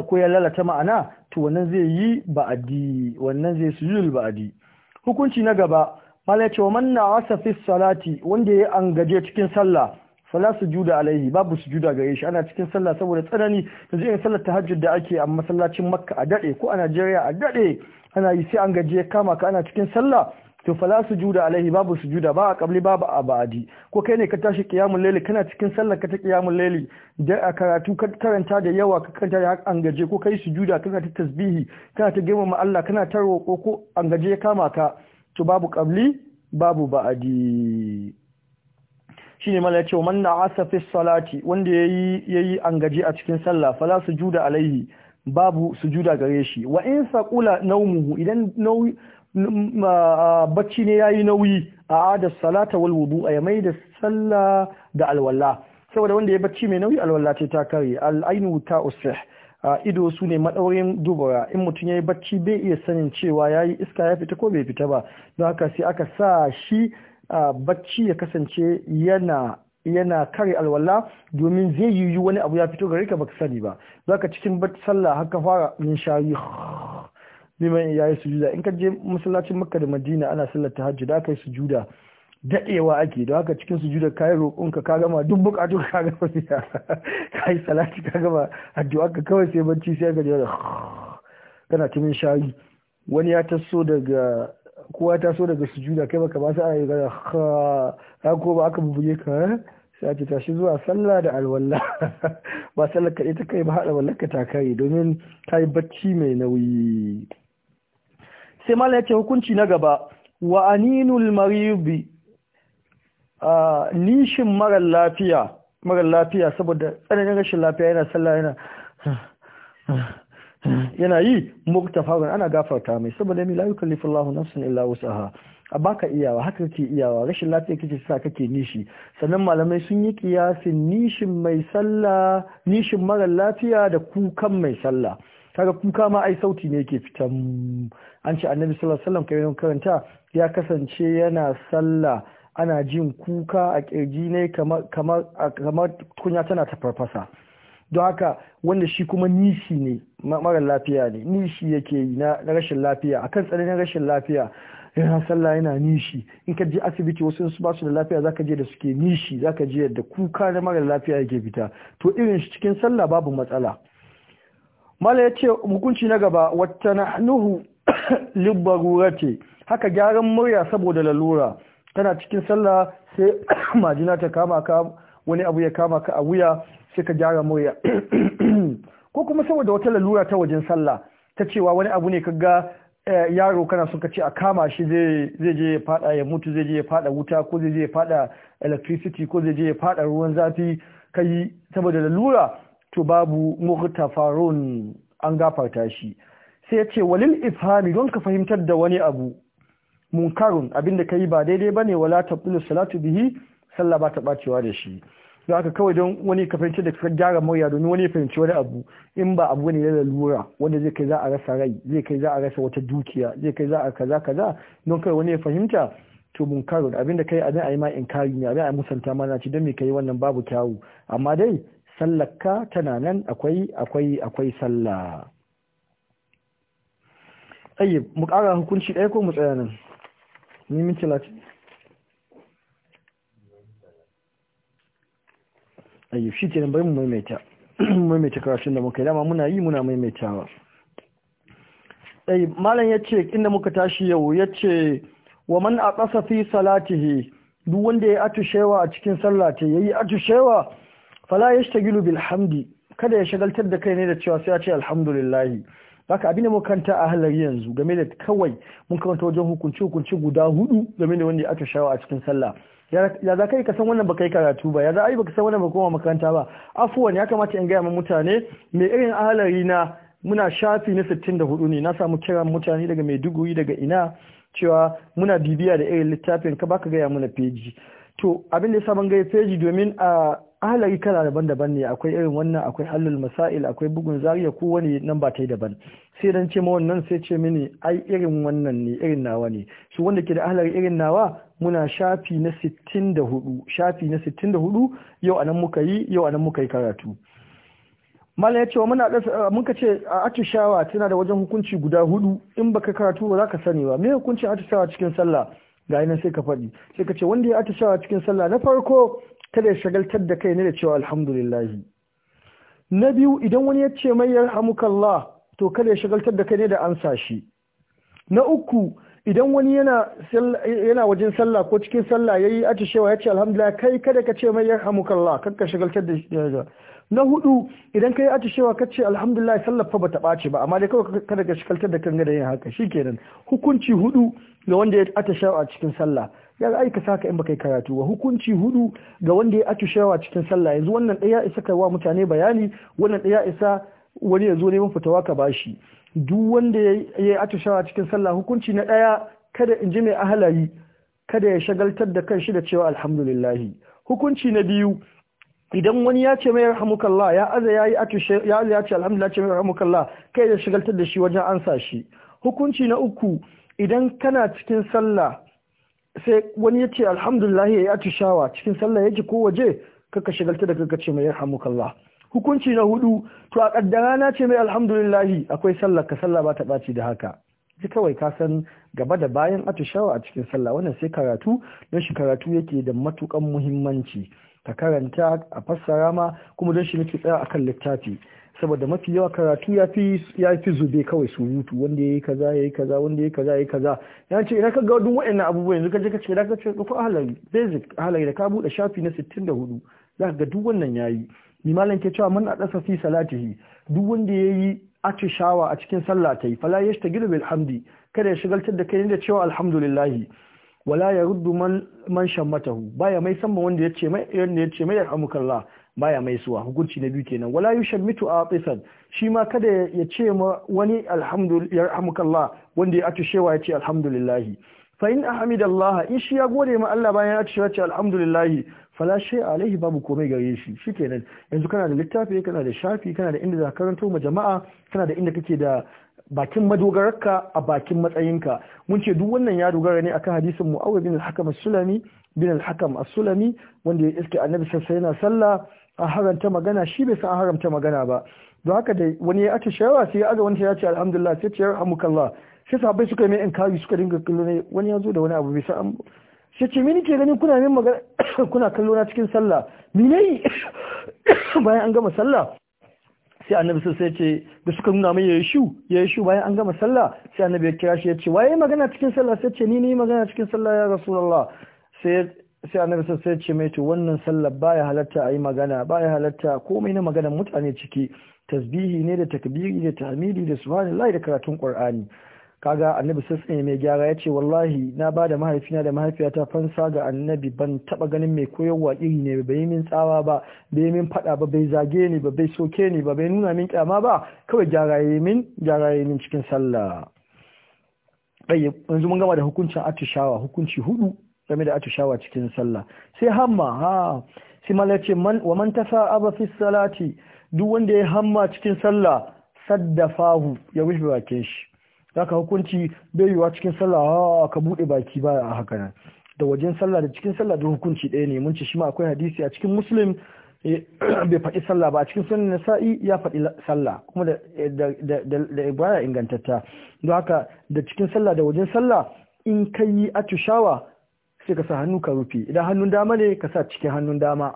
ko ya lalata ma'ana to wannan zai yi ba'adi wannan zai sujudul ba'adi hukunci na gaba malaka wa manna na'asa fi salati wanda ya angaje cikin sallah fala sujuda alaihi babu sujuda gare shi ana cikin sallah saboda tsanani yanzu irin sallar tahajjud da ake a masallacin makka a dade ko a najeriya a dade ana yi sai an gaji ya kama ka ana cikin sallah to fala sujuda alaihi babu sujuda ba a kabli babu a ba'adi ko kai ne ka tashi qiyamul layli kana cikin sallar ka ta qiyamul layli da a karatu ka karanta da yawa ka karanta da an gaje ko kai sujuda kana ta tasbihi kana ta girmama Allah kana ta roƙo ko an gaje ya kama ka to babu kabli babu ba'adi shine mala yace man da asafi salati wanda yi an angaji a cikin sallah fala sujuda alaihi babu sujuda gare shi wa in saƙula naumuhu idan nauyi mm, bacci ne ya yi nauyi a adar salata wal a ya da sallah da alwala saboda wanda ya bacci mai nauyi alwala ce ta kare al'ainu ta a ido su ne maɗaurin dubara in mutum ya yi bacci bai iya sanin cewa ya yi iska ya fita ko bai fita ba don haka sai aka sa shi bacci ya kasance yana yana kare alwala domin zai yiwu wani abu ya fito gare ka baka sani ba zaka cikin sallah haka fara min shayi liman ya yi sujuda in ka je masallacin makka da madina ana sallar tahajjud da aka yi sujuda daɗewa ake don haka cikin sujuda yi roƙon ka gama duk buƙatu ka gama ka yi salati ka gama addu'a ka kawai sai barci sai ka jira kana ta shayi wani ya taso daga kowa ta so daga sujuda kai baka ba su a ga ha ko ba aka bubuge ka eh? sai ake tashi zuwa sallah da alwala ba sallar kaɗai ta kai ba wallar wallaka ta kai domin ta yi bacci mai nauyi sai mala ya ce hukunci na gaba wa aninul maribi nishin marar lafiya marar lafiya saboda tsananin rashin lafiya yana sallah yana yana yi muktafarun ana gafarta mai saboda mai layukan lifullahu nafsin illa wasaha a baka iyawa haka kake iyawa rashin lafiya kake sa kake nishi sannan malamai sun yi kiyasin nishin mai salla nishin mara lafiya da kukan mai sallah kaga kuka ma ai sauti ne yake fitan an ce annabi sallallahu alaihi wasallam kai karanta ya kasance yana sallah ana jin kuka a kirji ne kamar kamar kunya tana ta farfasa don haka wanda shi kuma nishi ne mara lafiya ne nishi yake yi na rashin lafiya A kan tsananin rashin lafiya yana sallah yana nishi in ka je asibiti wasu su ba su da lafiya zaka je da suke nishi zaka je da kuka na mara lafiya yake fita to irin shi cikin sallah babu matsala mala ya ce hukunci na gaba wata nahnuhu libbarurati haka gyaran murya saboda lalura tana cikin sallah sai majina ta kama ka wani abu ya kama ka a wuya sai ka gyara murya ko kuma saboda wata lalura ta wajen sallah ta cewa wani abu ne ka ga eh, yaro kana son ka ce a kama shi zai je ya fada ya mutu zai je ya fada wuta ko zai je ya fada electricity ko zai je ya fada ruwan zafi ka yi saboda lalura to babu farun an gafarta shi sai ya ce walil ifhami don ka fahimtar da wani abu munkarun abinda yi ba daidai bane wala tabdulu salatu bihi sallah ba ta bacewa da shi za ka kawai don wani ka da ka gyara murya domin wani fahimci wani abu in ba abu ne na lalura wanda zai kai za a rasa rai zai kai za a rasa wata dukiya zai kai za a kaza kaza don kai wani ya fahimta to munkarun da kai abin a yi ma inkari ne abin a musanta na ci don me kai wannan babu kyawu amma dai sallaka tana nan akwai akwai akwai sallah ayyib mu kara hukunci ɗaya ko mu tsaya nan ni min talatin ayyub shi kenan bari mu maimaita maimaita karashin da muka yi dama muna yi muna maimaitawa ayyub malam ya ce inda muka tashi yau ya ce wa man a ƙasa fi salatihi duk wanda ya yi atushewa a cikin sallata ya yi atushewa fala ya shtagilu bil bilhamdi kada ya shagaltar da kai ne da cewa sai ya ce alhamdulillahi baka abin da kanta a halar yanzu game da kawai mun karanta wajen hukunci hukunci guda hudu game da wanda ya atushewa a cikin sallah ya za kai ka san wannan baka yi karatu ba ya za ai baka san wannan ba koma makaranta ba afuwan ya kamata in gaya ma mutane me irin ahalari na muna shafi na 64 ne na samu kiran mutane daga Maiduguri daga ina cewa muna bibiya da irin littafin ka baka gaya mana feji to abin da ya ban gaya feji domin a ah, ahalari kala daban-daban ne akwai irin wannan akwai halul masail akwai bugun zariya ko wani nan ba ta yi daban sai dan ce ma wannan sai ce mini ai irin wannan ne irin nawa ne shi wanda ke da ahalari irin nawa muna shafi na 64 shafi na 64 yau anan muka yi yau anan muka yi karatu malam ya ce wa muna muka ce a atishawa tana da wajen hukunci guda hudu in baka karatu ba za ka sani ba me hukuncin atishawa cikin sallah ga nan sai ka faɗi sai ka ce wanda ya atishawa cikin sallah na farko kada ya shagaltar da kai ne da cewa alhamdulillahi na biyu idan wani ya ce mai yarhamukallah to kada ya shagaltar da kai ne da ansa shi na uku idan wani yana yana wajen sallah ko cikin sallah yayi atishewa ce alhamdulillah kai kada ka ce mai yarhamukallah kar ka shagaltar da shi na hudu idan kai atishewa ka ce alhamdulillah sallar fa bata ɓace ba amma dai kawai kada ka shagaltar da kan gada yin haka shikenan hukunci hudu ga wanda ya atishewa a cikin sallah ya za ka saka in baka yi karatu ba hukunci hudu ga wanda ya atushawa cikin sallah yanzu wannan ɗaya isa kai wa mutane bayani wannan ɗaya isa wani ya zo neman fitawa ka bashi duk wanda ya atushawa cikin sallah hukunci na ɗaya kada in ji mai ahalayi kada ya shagaltar da kanshi da cewa alhamdulillahi hukunci na biyu idan wani ya ce mai rahamukallah ya aza ya yi ya ya ce alhamdulillah ce mai rahamukallah kai ya shagaltar da shi wajen ansa shi hukunci na uku idan kana cikin sallah sai wani ya ce alhamdulillah ya yi atishawa cikin sallah ya yake ko waje kaka shagalta da kaka ce mai yarhamukallah hukunci na hudu to a kaddara na ce mai alhamdulillahi akwai sallah ka sallah ba ta baci da haka ji kawai ka san gaba da bayan atishawa a cikin sallah wannan sai karatu don shi karatu yake da matukan muhimmanci ka karanta a fassara ma kuma don shi nake tsaya akan littafi saboda mafi yawa karatu ya fi ya fi zube kawai su surutu wanda yayi kaza yayi kaza wanda yayi kaza yayi kaza ya ce idan ka ga duk waɗannan abubuwa yanzu ka je ka ce da ka ce ko ahlari basic ahlari da ka bude shafi na 64 zaka ga duk wannan yayi ni malam ke cewa man adasa fi salatihi duk wanda yayi atishawa a cikin sallah tai fala yashtagilu bil hamdi kada ya shigaltar da kai da cewa Alhamdulillahi. wala ya ruddu man shammatahu baya mai sama wanda ya ce mai yanda yace mai yarhamukallah baya mai suwa hukunci na biyu kenan wala a tsisan shi ma kada ya ce ma wani alhamdulillah wanda ya atushewa ya ce alhamdulillah fa in ahmidallah in shi ya gode ma Allah bayan ya atushewa ya ce alhamdulillah fala shay alaihi babu komai gare shi shi kenan yanzu kana da littafi kana da shafi kana da inda za karanto ma jama'a kana da inda kake da bakin madogararka a bakin matsayinka mun ce duk wannan ya dogara ne akan hadisin mu'awiyah bin al-hakam as-sulami bin al-hakam as-sulami wanda ya iske annabi sallallahu alaihi wasallam sallah a haramta magana shi bai san a haramta magana ba don haka da wani ya atishawa sai ya aga wani ya ce alhamdulillah sai ce yarhamukallah sai sabai suka yi mai kawai suka dinga kallo ne wani ya zo da wani abu bai san sai ce mini ke ganin kuna min magana kuna kallo na cikin sallah mine bayan an gama sallah sai annabi sai ce da suka nuna mai yayi shu yayi shu bayan an gama sallah sai annabi ya kira shi ya ce waye magana cikin sallah sai ce ni ne magana cikin sallah ya rasulullah sai sai annabi sai ce mai to wannan sallar baya halatta ayi magana baya halatta komai na maganar mutane ciki tasbihi ne da takbiri da tahmidi da subhanallahi da karatun qur'ani kaga annabi sai mai gyara ya ce wallahi na ba da mahaifina da mahaifiyata fansa ga annabi ban taba ganin mai koyarwa iri ne bai min tsawa ba bai min fada ba bai zage ne ba bai soke ne ba bai nuna min kyama ba kawai gyara min gyara min cikin sallah yanzu mun gama da hukuncin atishawa hukunci hudu game da atishawa cikin sallah sai hamma ha sai mala ce wa man tasa'aba fi salati duk wanda ya hamma cikin sallah saddafahu ya wuce bakin shi haka hukunci bai yiwa cikin sallah ha ka bude baki ba a haka nan da wajen sallah da cikin sallah da hukunci ɗaya ne mun ci shi ma akwai hadisi a cikin muslim eh, bai faɗi sallah ba a cikin sunan nasa'i ya faɗi sallah kuma eh, da da ibrahim ingantatta don haka da cikin sallah da wajen sallah in kai atushawa sai ka sa hannu ka rufe idan hannun dama ne ka sa cikin hannun dama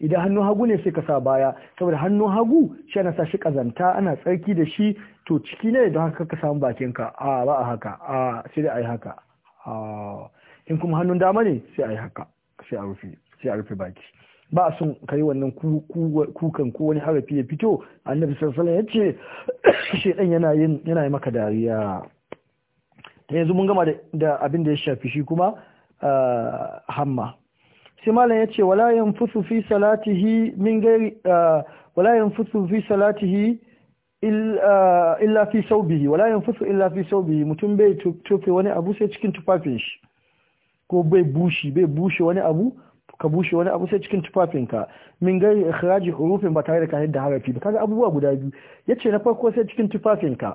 idan hannun hagu ne sai ka sa baya saboda hannun hagu shi ana sa shi kazanta ana tsarki da shi to ciki ne don haka ka samu bakin ka a ba a haka a sai dai a yi haka a in kuma hannun dama ne sai a haka sai a rufe sai a rufe baki ba a son kai wannan kukan ko wani harafi ya fito annabi sallallahu alaihi wasallam ya ce shedan yana yin yana yi maka dariya ta yanzu mun gama da abin da ya shafi shi kuma hamma sai malam yace wala yanfusu fi salatihi min gairi ah, wala yanfusu fi salatihi ah, illa fi saubihi wala yanfusu illa fi saubihi mutum bai tofe wani abu sai cikin tufafin shi ko bai bushi bai bushe wani abu ka bushe wani abu sai cikin tufafinka min gairi ikhraji hurufin ba tare da ka da harafi ba kaga abubuwa guda biyu yace na farko sai cikin tufafinka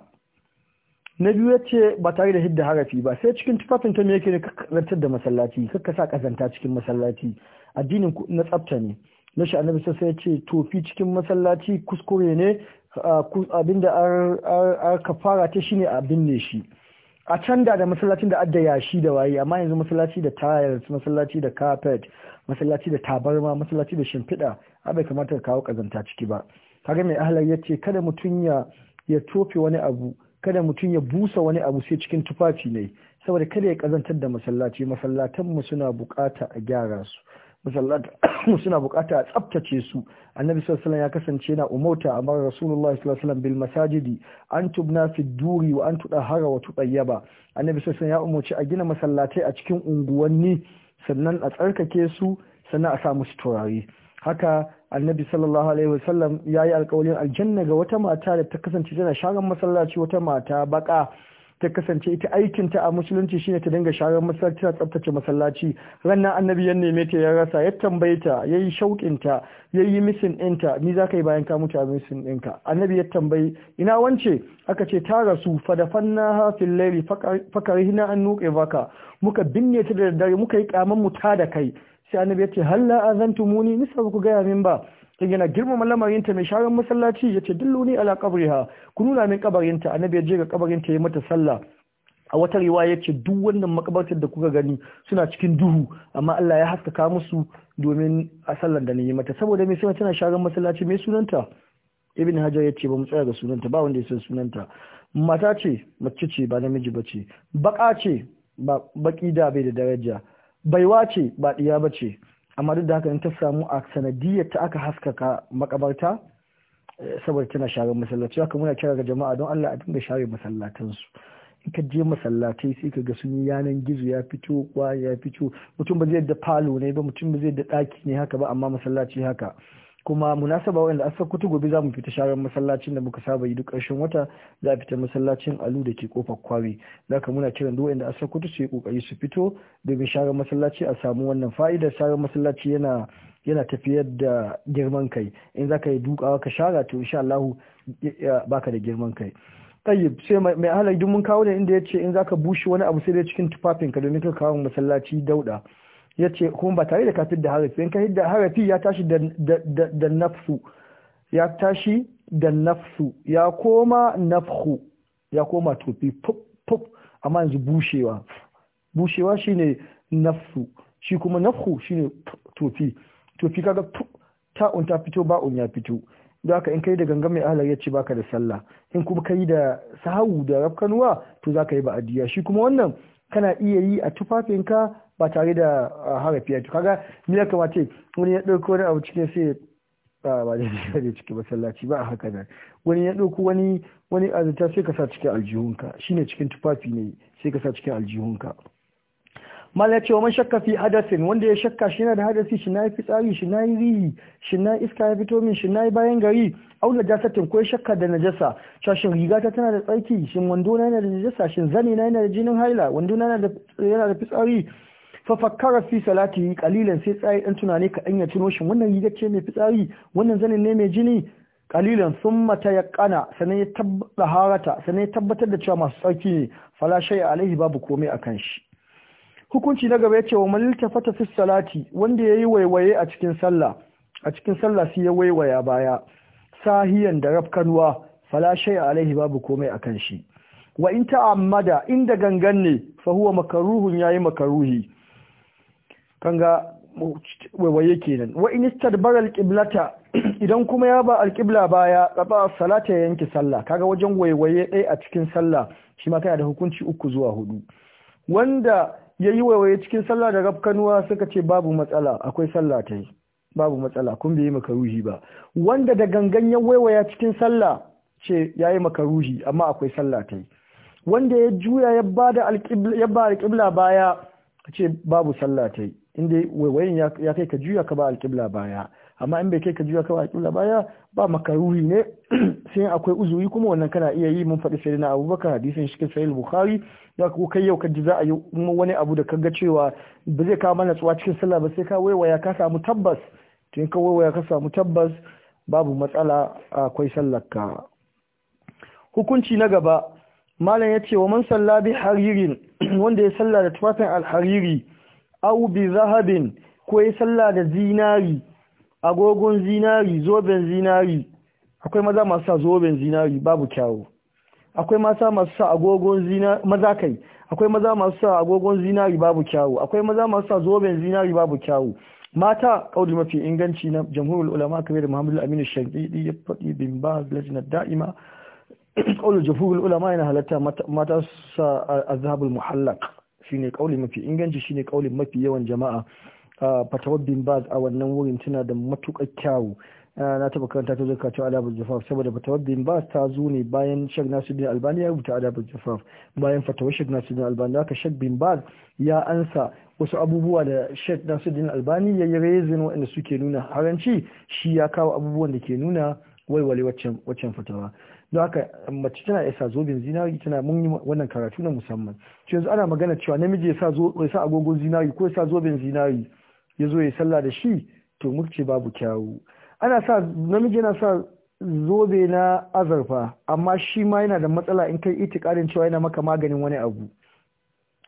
na biyu ya ce ba tare da hidda harafi ba sai cikin tufafin ta yake ne karantar da masallaci kakka sa kazanta cikin masallaci addinin na tsafta ne na shi annabi sai ya ce tofi cikin masallaci kuskure ne abinda ar kafara ta shine a binne shi a can da da masallacin da adda yashi da waye amma yanzu masallaci da tiles masallaci da carpet masallaci da tabarma masallaci da shimfiɗa a bai kamata ka kawo kazanta ciki ba kaga mai ahalar ya ce kada mutum ya tofe wani abu kada mutum ya busa wani abu sai cikin tufafi ne saboda kada ya kazantar da masallaci masallatanmu suna bukata a gyara su masallatanmu suna bukata a tsaftace su annabi sallallahu alaihi ya kasance na umauta amma rasulullahi sallallahu alaihi bil masajidi an tubna fi duri wa an tudahara wa tudayyaba annabi sallallahu ya umarci a gina masallatai a cikin unguwanni sannan a tsarkake su sannan a sa musu turare haka annabi sallallahu alaihi wasallam ya yi aljanna ga wata mata da ta kasance tana sharan masallaci wata mata baka ta kasance ita aikinta a musulunci shine ta dinga sharar masallaci ta tsaftace masallaci Rannan annabi ya neme ta ya rasa ya tambayeta, ta yayi shauƙin ta yayi misin ɗinta ni za ka yi bayan ka mutu a misin ɗinka annabi ya tambayi ina wance aka ce ta rasu fadafanna ha fil laili fakarihna an nuqe baka muka binne ta da dare muka yi kaman mu ta da kai sai annabi ya ce halla muni nisa ku gaya min ba sai yana girma malamarinta mai sharan masallaci ya ce dilluni ala qabriha ku nuna min kabarinta annabi ya je ga kabarinta ya mata sallah a wata riwa ya ce duk wannan makabartar da kuka gani suna cikin duhu amma Allah ya haskaka musu domin a sallar da yi mata saboda me sai tana sharan masallaci mai sunanta ibn hajar ya ce ba mu tsaya ga sunanta ba wanda ya san sunanta mata ce mace ce ba namiji ba ce baka ce ba baki da bai da daraja baiwa ce ba ɗiya ba ce amma duk da haka in ta samu a sanadiyar ta aka haskaka makabarta eh, saboda tana share masallaci haka muna kira ga jama'a don Allah a dinga share masallatansu in ka je masallatai sai ka ga sun yanan gizo ya fito kwa ya fito mutum ba zai da falo ne ba mutum ba zai da ɗaki ne haka ba amma masallaci haka kuma munasaba wanda asar kutu gobe za mu fita sharar masallacin da muka saba yi duk ƙarshen wata za a fita masallacin alu da ke kofar kwawe za ka muna kiran duk wanda asar kutu su yi ƙoƙari su fito domin sharar masallaci a samu wannan fa'idar sharar masallaci yana yana tafiyar da girman kai in za ka yi dukawa ka shara to insha Allah baka da girman kai tayyib sai mai halar duk mun kawo da inda ya ce in za ka bushe wani abu sai dai cikin tufafinka domin ka kawo masallaci dauɗa ya ce kuma ba tare da ka da harafi in ka da harafi ya tashi da nafsu ya tashi da nafsu ya koma nafhu ya koma tofi fuf amma yanzu bushewa bushewa shine nafsu shi kuma nafhu shine tofi tofi kaga un ta fito ba un ya fito da haka in kai da gangan mai ahalar ya ce baka da sallah in kuma kai da sahawu da rafkanuwa to za ka yi ba'adiyya shi kuma wannan kana iya yi a tufafinka ba tare da harafi ya kaga ni ya kamace wani ya ɗauko wani abu cikin sai ba da da cikin masallaci ba a haka nan wani ya ɗauko wani wani azata sai ka sa cikin aljihunka shine cikin tufafi ne sai ka sa cikin aljihunka mala cewa man shakka fi hadasin wanda ya shakka shi yana da hadasi shi na yi fitsari shi na yi rihi shi na iska ya fito min shi na yi bayan gari au najasatin ko ya shakka da najasa shashin riga ta tana da tsarki shin wando na yana da najasa shin zani na yana da jinin haila wando na yana da fitsari fa fakkara fi salati qalilan sai tsayi dan tunane ka ya tuno shin wannan riga ce mai fitsari wannan zanin ne mai jini qalilan thumma tayaqqana sanan ya tabbata harata sanan ya tabbatar da cewa masu tsarki ne fala shay alaihi babu komai akan shi hukunci na gaba yace wa malilta fata fi salati wanda yayi waiwaye a cikin sallah a cikin sallah sai ya waiwaya baya sahiyan da rafkanwa fala shay alaihi babu komai akan shi wa in ta'ammada inda gangan ne fa huwa makaruhun yayi makaruhi kanga ga waiwaye kenan wa in istadbara alqiblata idan kuma ya ba alqibla baya kaba salata yanke sallah kaga wajen waiwaye dai a cikin sallah shi ma kana da hukunci uku zuwa hudu wanda yayi waiwaye cikin sallah da rafkanuwa suka ce babu matsala akwai sallah ta yi babu matsala kun bai makaruhi ba wanda da gangan ya waiwaya cikin sallah ce yayi makaruhi amma akwai sallah ta yi wanda ya juya ya ba da alqibla ya ba alqibla baya ce babu sallah ta yi inda waiwayin ya kai ka juya ka ba alƙibla baya amma in bai kai ka juya ka ba alƙibla baya ba makaruri ne sai akwai uzuri kuma wannan kana iya yi mun faɗi sai na abubakar hadisin shi al bukhari da ku kai yau ka ji za a yi wani abu da kaga cewa ba zai kawo mana tsuwa cikin sallah ba sai ka waiwaya ka samu tabbas To in ka waiwaya ka samu tabbas babu matsala akwai sallar ka hukunci na gaba malam ya ce wa man salla haririn wanda ya salla da tufafin alhariri au bi zahabin ko yi sallah da zinari agogon zinari zoben zinari akwai maza masu sa zoben zinari babu kyawu akwai maza masu sa agogon zinari maza kai akwai maza masu sa agogon zinari babu kyawu akwai maza masu sa zoben zinari babu kyawu mata kauli mafi inganci na jamhuriyar ulama kamar da Muhammadu Aminu shaidi ya faɗi bin ba lajina da'ima kauli jamhuriyar ulama yana halatta mata sa azabul muhallaq shine kauli mafi inganci shine kaulin mafi yawan jama'a fatawar bin baz a wannan wurin tana da matukar kyawu na taba karanta ta zaka cewa alabar jafaf saboda fatawar bin baz ta zo ne bayan shek nasuddin albani ya rubuta alabar jafaf bayan fatawar shek nasuddin albani haka shag bin baz ya ansa wasu abubuwa da shek nasuddin albani ya yi rezin waɗanda suke nuna haranci shi ya kawo abubuwan da ke nuna walwale waccan fatawa don haka mace tana iya sa zobin zinari tana mun yi wannan karatu na musamman ce yanzu ana magana cewa namiji ya sa zo ya sa agogon zinari ko ya sa zobin zinari ya zo ya sallah da shi to ce babu kyawu ana sa namiji yana sa zobe na azurfa amma shi ma yana da matsala in kai itikadin cewa yana maka maganin wani abu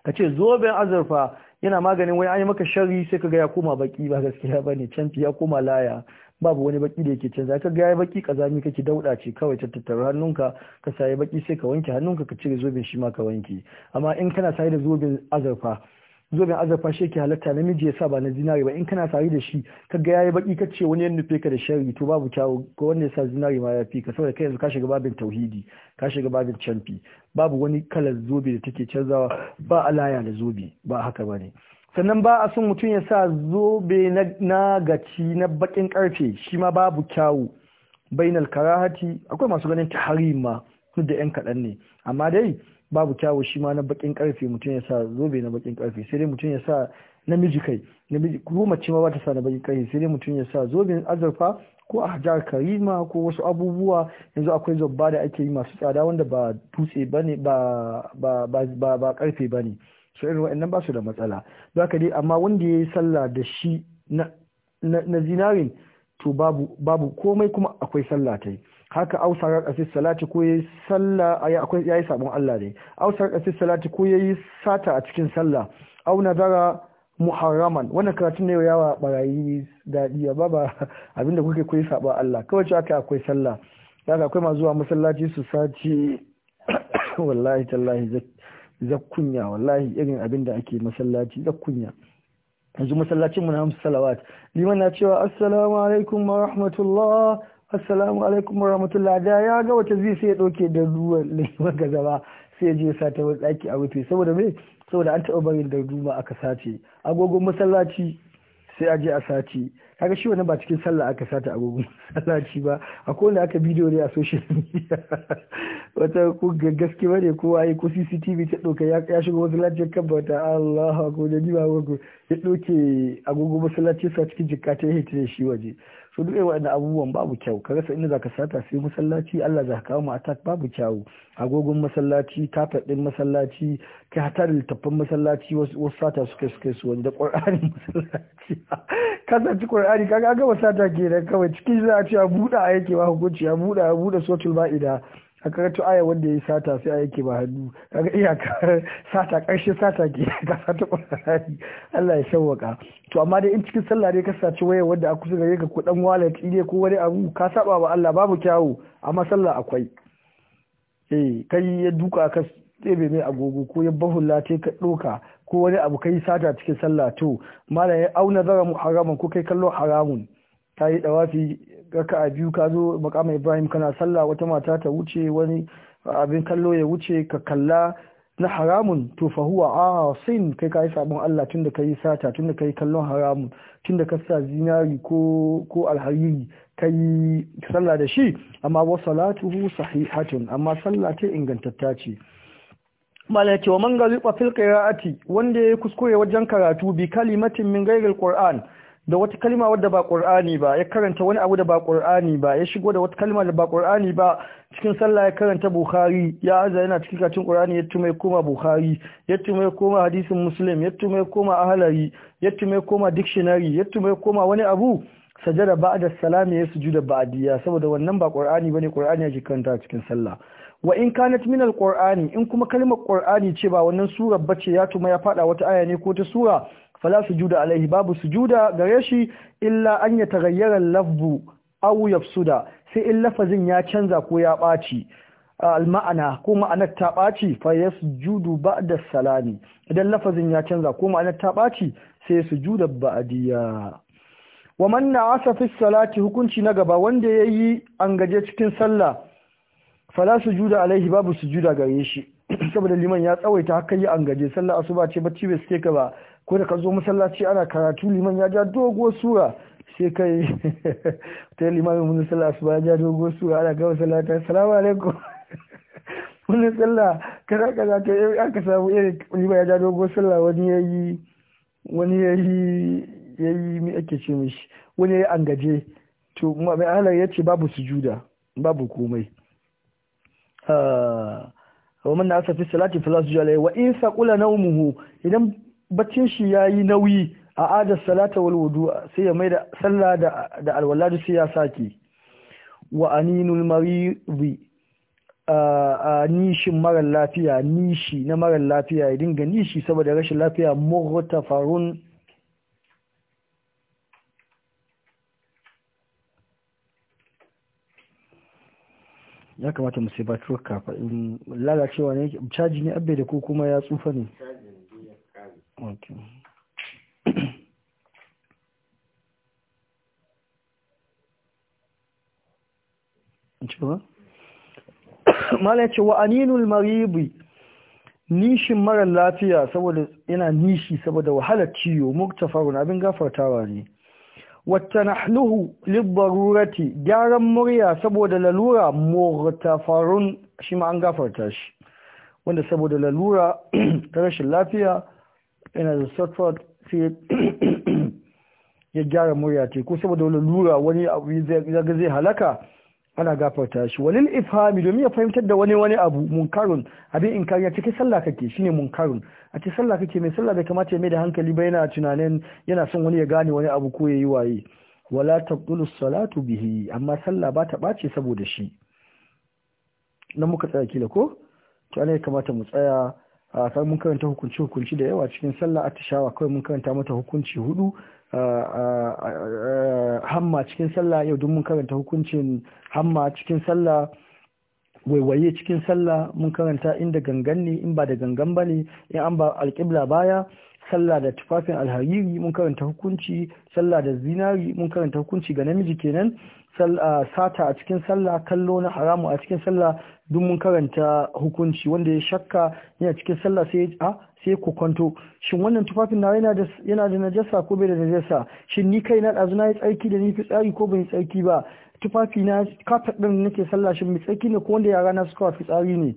ka ce zoben azurfa yana maganin wani an yi maka shari sai ka ga ya koma baki ba gaskiya bane can ya koma laya babu wani baki da yake canza ka ga baki kazami kake dauda ce kawai ta tattara hannunka ka sayi baki sai ka wanke hannunka ka cire zobin shi ma ka wanke amma in kana sayi da zobin azurfa zobin azurfa shi ke halatta namiji ya sa ba na zinari ba in kana sayi da shi ka ga yayi baki ka ce wani ya nufe ka da sharri to babu kyawu ko wanda ya sa zinari ma ya fi ka saboda kai yanzu ka shiga babin tauhidi ka shiga babin canfi babu wani kalar zobe da take canzawa ba alaya da zobi ba haka bane sannan ba a son mutum ya sa zobe na gaci na bakin karfe shi ma babu kyawu bainal karahati akwai masu ganin ta ma da yan kaɗan ne amma dai babu kyawu shi ma na bakin karfe mutum ya sa zobe na bakin karfe sai dai mutum ya sa namiji kai namiji ko mace ma ta sa na bakin karfe sai dai mutum ya sa zobe azurfa ko a hajar karima ko wasu abubuwa yanzu akwai zobba da ake yi masu tsada wanda ba dutse bane ba ba ba ba karfe bane so irin wa'annan ba su da matsala zaka dai amma wanda ya yi sallah da shi na zinarin to babu komai kuma akwai sallah ta yi haka ausar asis salati ko yayi sallah akwai sabon Allah ne ausar asis salati ko yayi sata a cikin sallah au zara muharraman wannan karatun ne yawa barayi dadi ba ba abinda kuke koyi saba Allah kawai haka akwai sallah haka akwai ma zuwa masallaci su saci wallahi tallahi zakkunya wallahi irin abin da ake masallaci zakkunya yanzu masallacin mu na hamsu salawat liman na cewa assalamu alaikum wa rahmatullah assalamu alaikum wa rahmatullah da ya ga wata zai sai ya dauke da ruwa laifin gaza ba sai je sa ta wani daki a wuce saboda me saboda an taɓa barin da ruwa aka sace agogon masallaci sai a je a sati kaga shi wani ba cikin sallah aka sata agogon masallaci ba ko wanda aka bidiyo ne a social media wata ku gaske bane ko ai ko CCTV ta doka ya shiga shigo masallacin kabba ta Allah ko da ni ba ko ya doke agogon masallaci sa cikin jikka ta hita shi waje Su duk waɗanda abubuwan babu kyau ka rasa inda ka sata sai masallaci Allah za ka kawo mu attack babu kyau agogon masallaci kafet din masallaci kai da littattafan masallaci wasu sata suka suke su wani da Qur'ani masallaci ka ci Qur'ani kaga ga ke da kawai cikin za a ce a buɗa yake ba hukunci a buɗa a buɗa sotul ba'ida a karatu aya wanda ya yi sata sai a yake ba hannu kaga iyaka sata karshe sata ke ka sata ƙwararri Allah ya shawwaka to amma dai in cikin sallah dai ka saci waya wanda a kusa gare ka ɗan wallet ne ko wani abu ka saba wa Allah babu kyawu amma sallah akwai eh kai ya duka ka tsebe mai agogo ko ya bahulla te ka doka ko wani abu kai sata cikin sallah to malam ya auna zara haramun ko kai kallo haramun ta yi dawafi a biyu ka zo makama ibrahim kana sallah wata mata ta wuce wani abin kallo ya wuce ka kalla na haramun to fa huwa asin kai ka yi sabon Allah tunda kai sata tunda kai kallon haramun tunda ka sa zinari ko ko alhariri kai sallah da shi amma wa salatuhu sahihatun amma sallah ta ingantatta ce malai ce wa man galiba fil qira'ati wanda ya yi kuskure wajen karatu bi kalimatin min gairar qur'an da wata kalma wadda ba ƙur'ani ba ya karanta wani abu da ba ƙur'ani ba ya shigo da wata kalma da ba ƙur'ani ba cikin sallah ya karanta Bukhari ya aza yana cikin kacin ƙur'ani ya tume koma Bukhari ya tume koma hadisin Muslim ya tume koma ahalari ya tume koma dictionary ya tume koma wani abu sajada da salami ya sujuda ba'diya saboda wannan ba ƙur'ani bane ƙur'ani ya karanta cikin sallah wa in kanat min alqur'ani in kuma kalmar qur'ani ce ba wannan sura bace ya tuma ya fada wata aya ne ko ta sura fala sujuda alaihi babu sujuda gare shi illa an ya tagayyara lafzu aw yafsuda sai in lafazin ya canza ko ya ɓaci al-ma'ana ko ma'anar ta ɓaci fa yasjudu ba'da salami idan lafazin ya canza ko ma'anar ta ɓaci sai sujuda ba'diya wa man na'asa fi salati hukunci na gaba wanda yayi an gaje cikin sallah fala sujuda alaihi babu sujuda gare shi saboda liman ya tsawaita haka yi an gaje sallah asuba ce bacci bai suke ka ba ko da ka zo masallaci ana karatu liman ya ja dogo sura sai kai ta limamin mun sallah asuba ya ja dogo sura ana gama sallah ta alaikum mun sallah kaza kaza yi aka samu irin liman ya ja dogo sallah wani yayi wani yayi yayi mi ake ce mishi wani yayi gaje to mai halar ya ce babu sujuda babu komai ah, wa man asa fi salati fala sujuda wa in saqula nawmuhu idan baccin shi yi nauyi a adar salata wal wudu sai ya mai da sallah da alwaladu alwala da sai ya sake wa aninul maridi a nishin mara lafiya nishi na mara lafiya ya dinga nishi saboda rashin lafiya murtafarun ya kamata mu kafa lalacewa ne caji ne abbe da ko kuma ya tsufa ne Okay. Mala ce wa aninul maribi nishin marar lafiya saboda yana nishi saboda wahalar ciwo muktafarun abin gafartawa ne. Wata nahluhu libbarurati gyaran murya saboda lalura muktafarun shi ma an gafarta shi. Wanda saboda lalura ta rashin lafiya yana da stratford sai ya gyara murya ce ko saboda wani lura wani abu zai zai halaka ana gafarta shi wani ifhami domin ya fahimtar da wani wani abu munkarun abin in kariya cikin sallah kake shine munkarun a cikin sallah kake mai sallah bai kamata ya mai da hankali ba yana tunanin yana son wani ya gane wani abu ko ya yi waye wala taqulu salatu bihi amma sallah ba ta bace saboda shi nan muka tsaya kila ko to ana kamata mu tsaya sai mun karanta hukunci hukunci da yawa cikin sallah atishawa kawai mun karanta mata hukunci hudu hamma cikin sallah yau duk mun karanta hukuncin hamma cikin sallah waiwaye cikin sallah mun karanta inda gangan ne in ba da gangan ba ne in an ba alƙibla baya sallah da tufafin alhariri mun karanta hukunci sallah da zinari mun karanta hukunci ga namiji kenan sata a cikin sallah kallo na haramu a cikin sallah duk mun karanta hukunci wanda ya shakka yana cikin sallah sai a sai ku kwanto shin wannan tufafin na yana da yana da najasa ko bai da najasa shin ni kai na dazu na yi tsarki da ni fitsari ko bai yi tsarki ba tufafi na kafet din nake sallah shin mai tsarki ne ko wanda yara na suka fitsari ne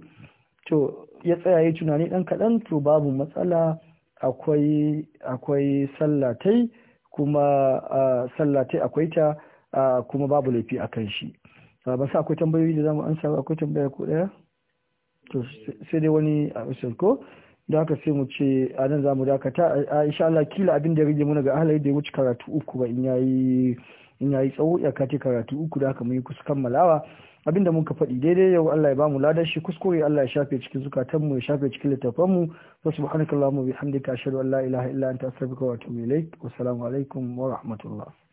to ya tsaya ya tunani dan kadan to babu matsala akwai sallatai kuma sallatai akwai ta kuma babu laifi a kan shi ba sa akwai tambayoyi da zamu ansa akwai tambaya ko daya to sai dai wani a usul ko da haka sai mu ce a nan zamu dakata a insha Allah kila abin da ya rage muna ga ahalai da ya wuce karatu uku ba in yayi in yayi tsawo ya kace karatu uku da haka mu yi kusa kammalawa abinda muka faɗi daidai yau Allah ya ba mu shi kuskure Allah ya shafe cikin zukatan mu ya shafe cikin littafan mu wa subhanakallahumma bihamdika ashhadu an la ilaha illa anta astaghfiruka wa atubu ilaik wa assalamu alaikum wa rahmatullah